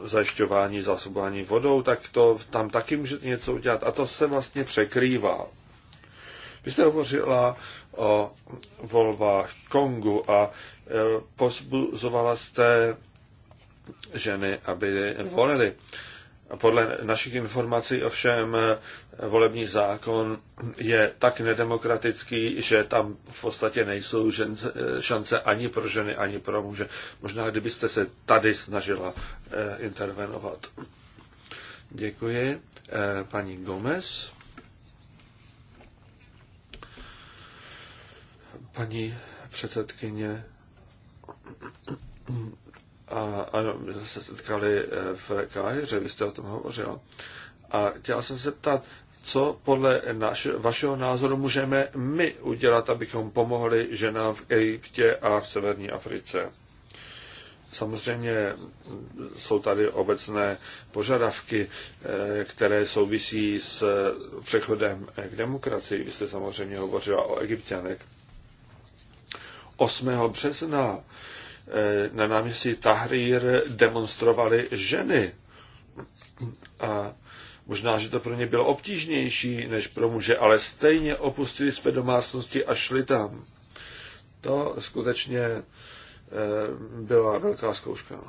zajišťování zásobování vodou, tak to tam taky můžete něco udělat. A to se vlastně překrývá. Vy jste hovořila o volvách Kongu a e, pozbuzovala jste ženy, aby volili. Podle našich informací ovšem e, volební zákon je tak nedemokratický, že tam v podstatě nejsou žence, šance ani pro ženy, ani pro muže. Možná kdybyste se tady snažila eh, intervenovat. Děkuji. Eh, paní Gomez. Paní předsedkyně. A, ano, my jsme se setkali eh, v Káhyře, vy jste o tom hovořila. A chtěla jsem se ptát, co podle naš, vašeho názoru můžeme my udělat, abychom pomohli ženám v Egyptě a v severní Africe? Samozřejmě jsou tady obecné požadavky, eh, které souvisí s přechodem k demokracii. Vy jste samozřejmě hovořila o egyptianek. 8. března eh, na náměstí Tahrir demonstrovali ženy a Možná, že to pro ně bylo obtížnější než pro muže, ale stejně opustili své domácnosti a šli tam. To skutečně eh, byla velká zkouška.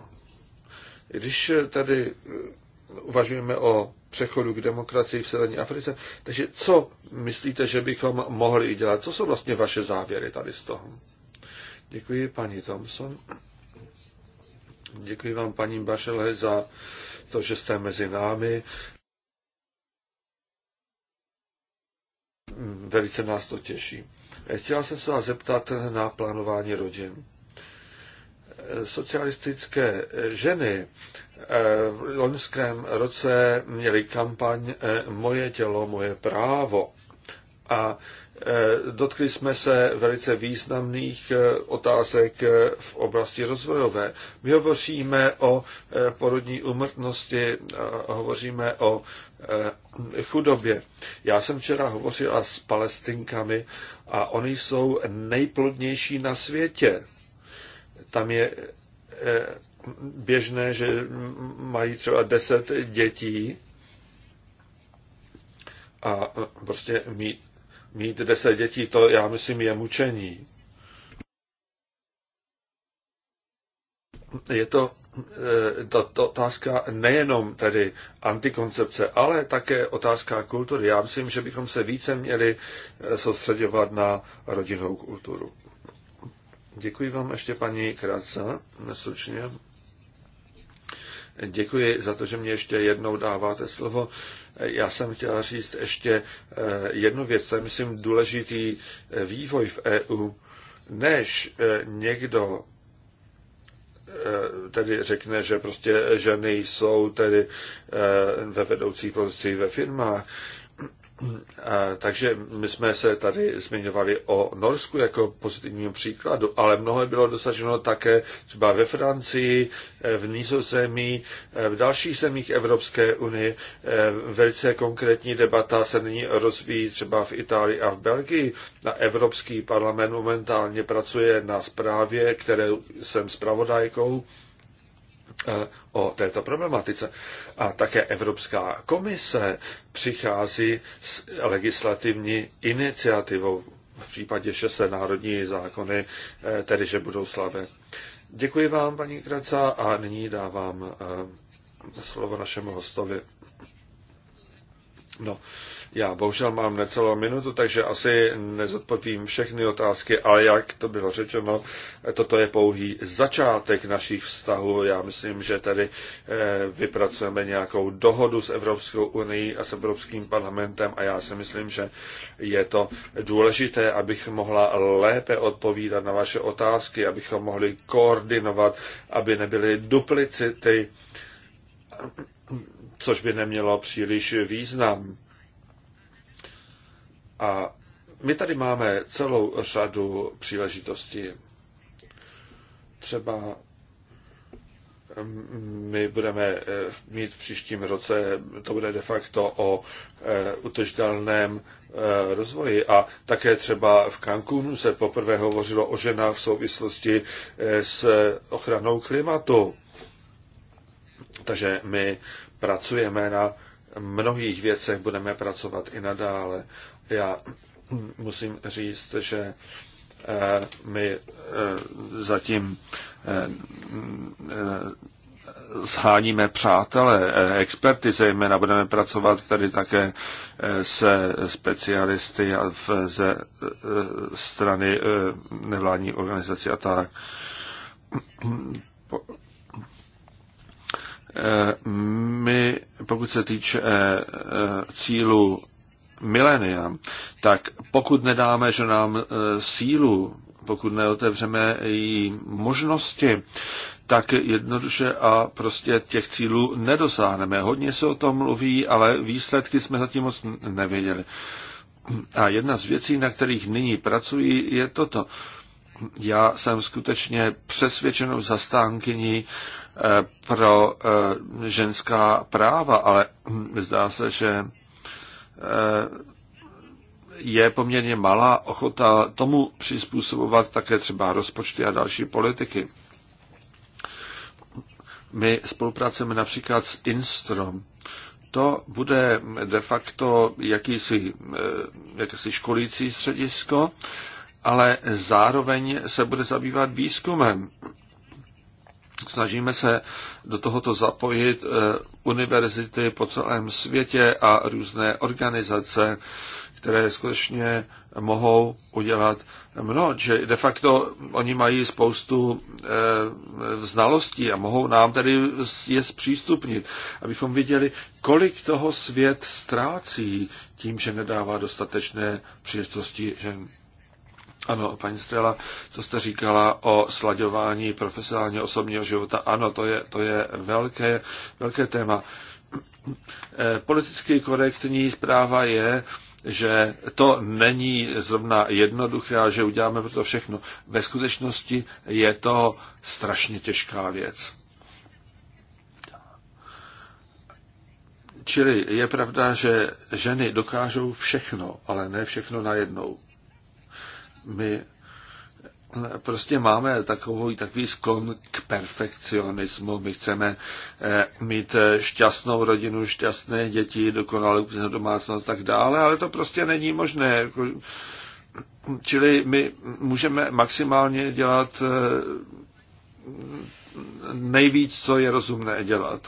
Když tady eh, uvažujeme o přechodu k demokracii v Severní Africe, takže co myslíte, že bychom mohli dělat? Co jsou vlastně vaše závěry tady z toho? Děkuji, paní Thompson. Děkuji vám, paní Bašele, za to, že jste mezi námi. Velice nás to těší. Eh, chtěla jsem se vás zeptat na plánování rodin. Eh, socialistické eh, ženy v loňském roce měly kampaň Moje tělo, moje právo a e, dotkli jsme se velice významných e, otázek e, v oblasti rozvojové. My hovoříme o porodní umrtnosti, hovoříme o chudobě. Já jsem včera hovořila s palestinkami a oni jsou nejplodnější na světě. Tam je běžné, že mají třeba deset dětí a prostě mít mít deset dětí, to já myslím je mučení. Je to, eh, to, to otázka nejenom tedy antikoncepce, ale také otázka kultury. Já myslím, že bychom se více měli eh, soustředovat na rodinnou kulturu. Děkuji vám ještě paní Kráca, neslučně. Děkuji za to, že mě ještě jednou dáváte slovo. Já jsem chtěla říct ještě eh, jednu věc, to je, myslím, důležitý eh, vývoj v EU. Než eh, někdo tedy řekne, že prostě ženy jsou tedy ve vedoucí pozici ve firmách, takže my jsme se tady zmiňovali o Norsku jako pozitivním příkladu, ale mnoho bylo dosaženo také třeba ve Francii, v Nizozemí, v dalších zemích Evropské unie. Velice konkrétní debata se nyní rozvíjí třeba v Itálii a v Belgii. Na Evropský parlament momentálně pracuje na zprávě, které jsem zpravodajkou Eh, o této problematice. A také Evropská komise přichází s legislativní iniciativou v případě, že se národní zákony, eh, tedy že budou slavé. Děkuji vám, paní Kraca, a nyní dávám eh, slovo našemu hostovi. No, já bohužel mám necelou minutu, takže asi nezodpovím všechny otázky, ale jak to bylo řečeno, toto je pouhý začátek našich vztahů. Já myslím, že tady eh, vypracujeme nějakou dohodu s Evropskou unii a s Evropským parlamentem a já si myslím, že je to důležité, abych mohla lépe odpovídat na vaše otázky, abychom mohli koordinovat, aby nebyly duplicity, což by nemělo příliš význam a my tady máme celou řadu příležitostí. Třeba mm, my budeme eh, mít v příštím roce, to bude de facto o eh, utožitelném eh, rozvoji. A také třeba v Cancúnu se poprvé hovořilo o ženách v souvislosti s ochranou klimatu. Takže my pracujeme na mnohých věcech, budeme pracovat i nadále. Já musím říct, že eh, my eh, zatím eh, zháníme přátelé, experty, zejména budeme pracovat tady také se specialisty a ze strany nevládní organizace a tak. My, pokud se týče cílu milénia, tak pokud nedáme ženám e, sílu, pokud neotevřeme její možnosti, tak jednoduše a prostě těch cílů nedosáhneme. Hodně se o tom mluví, ale výsledky jsme zatím moc nevěděli. A jedna z věcí, na kterých nyní pracuji, je toto. Já jsem skutečně přesvědčenou zastánkyní e, pro e, ženská práva, ale hm, zdá se, že Eh, je poměrně malá ochota tomu přizpůsobovat také třeba rozpočty a další politiky. My spolupracujeme například s Instrom. To bude de facto jakýsi, eh, jakýsi školící středisko, ale zároveň se bude zabývat výzkumem. Snažíme se do tohoto zapojit eh, univerzity po celém světě a různé organizace, které skutečně mohou udělat mnoho. Že de facto oni mají spoustu e, znalostí a mohou nám tedy je zpřístupnit, abychom viděli, kolik toho svět ztrácí tím, že nedává dostatečné příležitosti žen. Ano, paní Strela, co jste říkala o slaďování profesionálně osobního života, ano, to je, to je velké, velké téma. Eh, politicky korektní zpráva je, že to není zrovna jednoduché a že uděláme pro to všechno. Ve skutečnosti je to strašně těžká věc. Čili je pravda, že ženy dokážou všechno, ale ne všechno najednou my prostě máme takový, takový sklon k perfekcionismu. My chceme eh, mít eh, šťastnou rodinu, šťastné děti, dokonalou domácnost a tak dále, ale to prostě není možné. Jako, čili my můžeme maximálně dělat eh, nejvíc, co je rozumné dělat.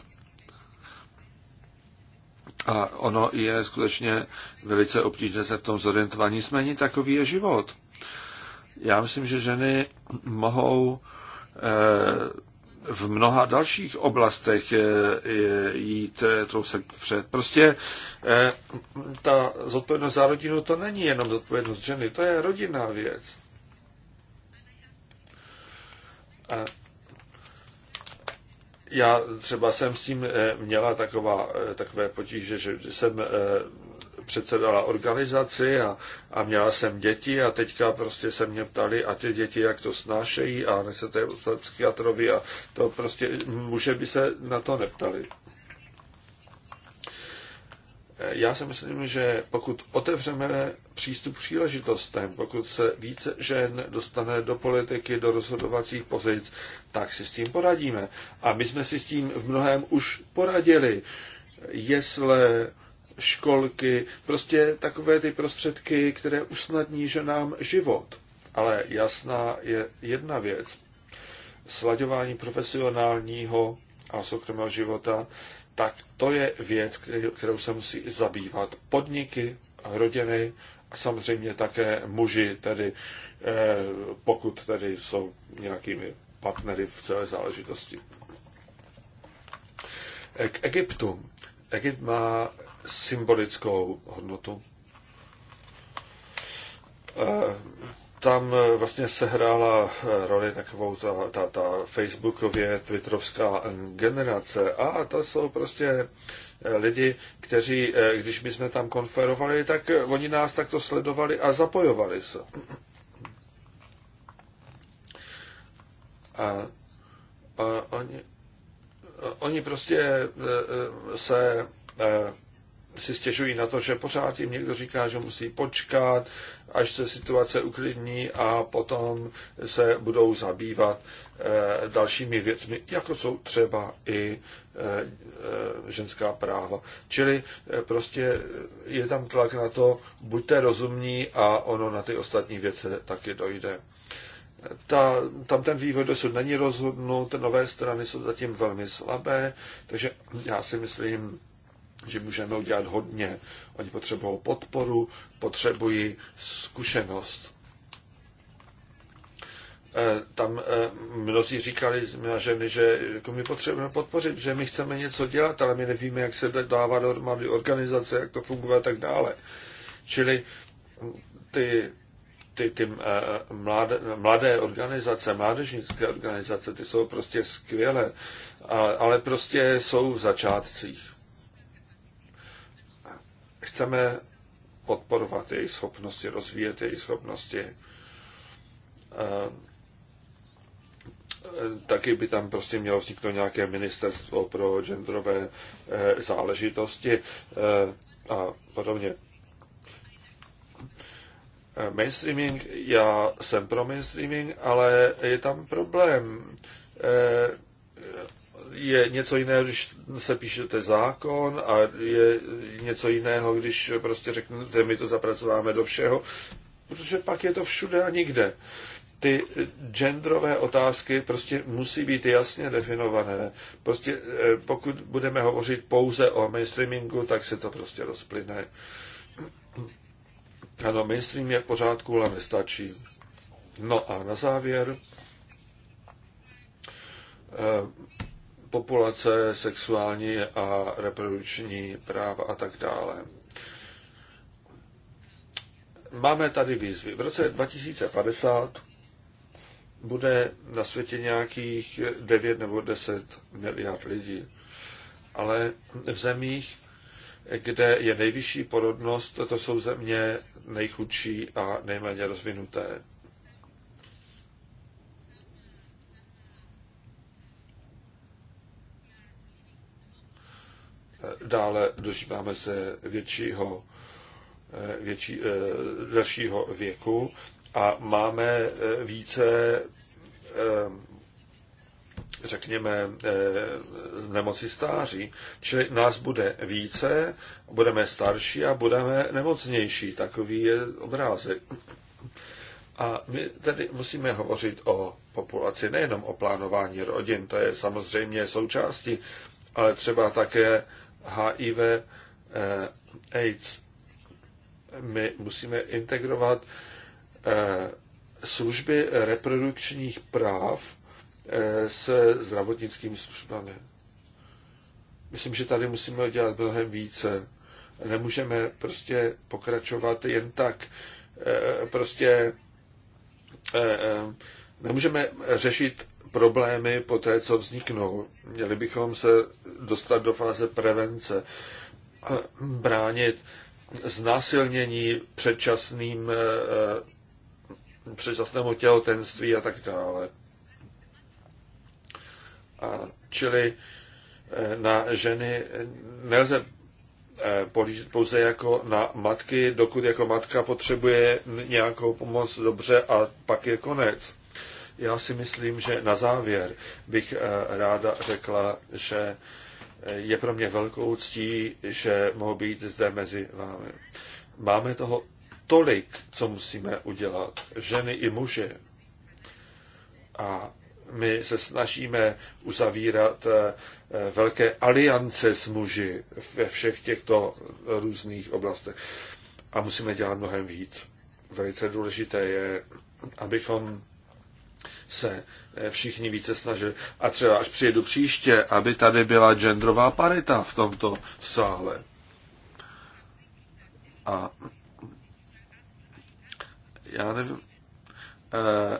A ono je skutečně velice obtížné se v tom zorientovat. Nicméně takový je život. Já myslím, že ženy mohou eh, v mnoha dalších oblastech eh, jít eh, trousek před. Prostě ta zodpovědnost za rodinu to není jenom zodpovědnost ženy, to je rodinná věc. A já třeba jsem s tím měla taková, takové potíže, že jsem předsedala organizaci a, a měla jsem děti a teďka prostě se mě ptali, a ty děti jak to snášejí a nechcete je poslat psychiatrovi a to prostě muže by se na to neptali. Já si myslím, že pokud otevřeme přístup příležitostem, pokud se více žen dostane do politiky, do rozhodovacích pozic, tak si s tím poradíme. A my jsme si s tím v mnohem už poradili. Jestli školky, prostě takové ty prostředky, které usnadní ženám život. Ale jasná je jedna věc. Slaďování profesionálního a soukromého života, tak to je věc, kterou se musí zabývat podniky, rodiny a samozřejmě také muži, tedy eh, pokud tedy jsou nějakými partnery v celé záležitosti. K Egyptu. Egypt má symbolickou hodnotu. E, tam vlastně sehrála roli takovou ta, ta, ta facebookově twitterovská generace a to jsou prostě e, lidi, kteří, e, když my jsme tam konferovali, tak oni nás takto sledovali a zapojovali se. A, a oni, oni prostě se si stěžují na to, že pořád jim někdo říká, že musí počkat, až se situace uklidní a potom se budou zabývat eh, dalšími věcmi, jako jsou třeba i eh, ženská práva. Čili eh, prostě je tam tlak na to, buďte rozumní a ono na ty ostatní věce taky dojde. Ta, tam ten vývoj dosud není rozhodnut, nové strany jsou zatím velmi slabé, takže já si myslím, že můžeme udělat hodně. Oni potřebují podporu, potřebují zkušenost. Eh, tam eh, mnozí říkali na ženy, že jako my potřebujeme podpořit, že my chceme něco dělat, ale my nevíme, jak se dává dohromady organizace, jak to funguje a tak dále. Čili ty, ty, ty eh, mladé, mladé organizace, mládežnické organizace, ty jsou prostě skvělé, ale prostě jsou v začátcích. Chceme podporovat její schopnosti, rozvíjet její schopnosti. Eh, taky by tam prostě mělo vzniknout nějaké ministerstvo pro genderové eh, záležitosti eh, a podobně. Mainstreaming, já jsem pro mainstreaming, ale je tam problém je něco jiného, když se píšete zákon a je něco jiného, když prostě řeknete, my to zapracováme do všeho, protože pak je to všude a nikde. Ty genderové otázky prostě musí být jasně definované. Prostě eh, pokud budeme hovořit pouze o mainstreamingu, tak se to prostě rozplyne. Ano, mainstream je v pořádku, ale nestačí. No a na závěr eh, populace, sexuální a reprodukční práva a tak dále. Máme tady výzvy. V roce 2050 bude na světě nějakých 9 nebo 10 miliard lidí. Ale v zemích, kde je nejvyšší porodnost, to jsou země nejchudší a nejméně rozvinuté. Dále dožíváme se většího, eh, větší, eh, dalšího věku a máme eh, více řekněme, nemoci stáří. Čili nás bude více, budeme starší a budeme nemocnější. Takový je obrázek. A my tedy musíme hovořit o populaci, nejenom o plánování rodin, to je samozřejmě součástí, ale třeba také HIV eh, AIDS. My musíme integrovat eh, služby reprodukčních práv eh, se zdravotnickými službami. Myslím, že tady musíme dělat mnohem více. Nemůžeme prostě pokračovat jen tak. Prostě nemůžeme řešit problémy po té, co vzniknou. Měli bychom se dostat do fáze prevence, bránit znásilnění předčasným, eh, eh, předčasnému těhotenství a tak dále. A čili eh, na ženy nelze pohlížet pouze jako na matky, dokud jako matka potřebuje nějakou pomoc dobře a pak je konec. Já si myslím, že na závěr bych eh, ráda řekla, že eh, je pro mě velkou ctí, že mohu být zde mezi vámi. Máme toho tolik, co musíme udělat, ženy i muži. A my se snažíme uzavírat eh, velké aliance s muži ve všech těchto různých oblastech. A musíme dělat mnohem víc. Velice důležité je, abychom se eh, všichni více snažili. A třeba až přijedu příště, aby tady byla genderová parita v tomto sále. A já nevím. Eh,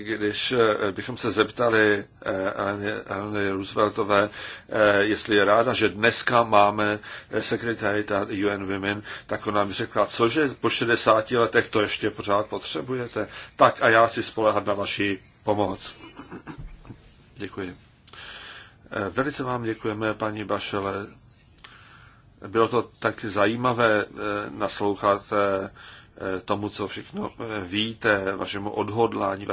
když eh, bychom se zeptali eh, Eleny Rooseveltové, eh, jestli je ráda, že dneska máme sekretarita UN Women, tak ona mi řekla, cože po 60 letech to ještě pořád potřebujete, tak a já si spolehat na vaši pomoc. Děkuji. Velice vám děkujeme, paní Bašele. Bylo to tak zajímavé naslouchat tomu, co všechno víte, vašemu odhodlání,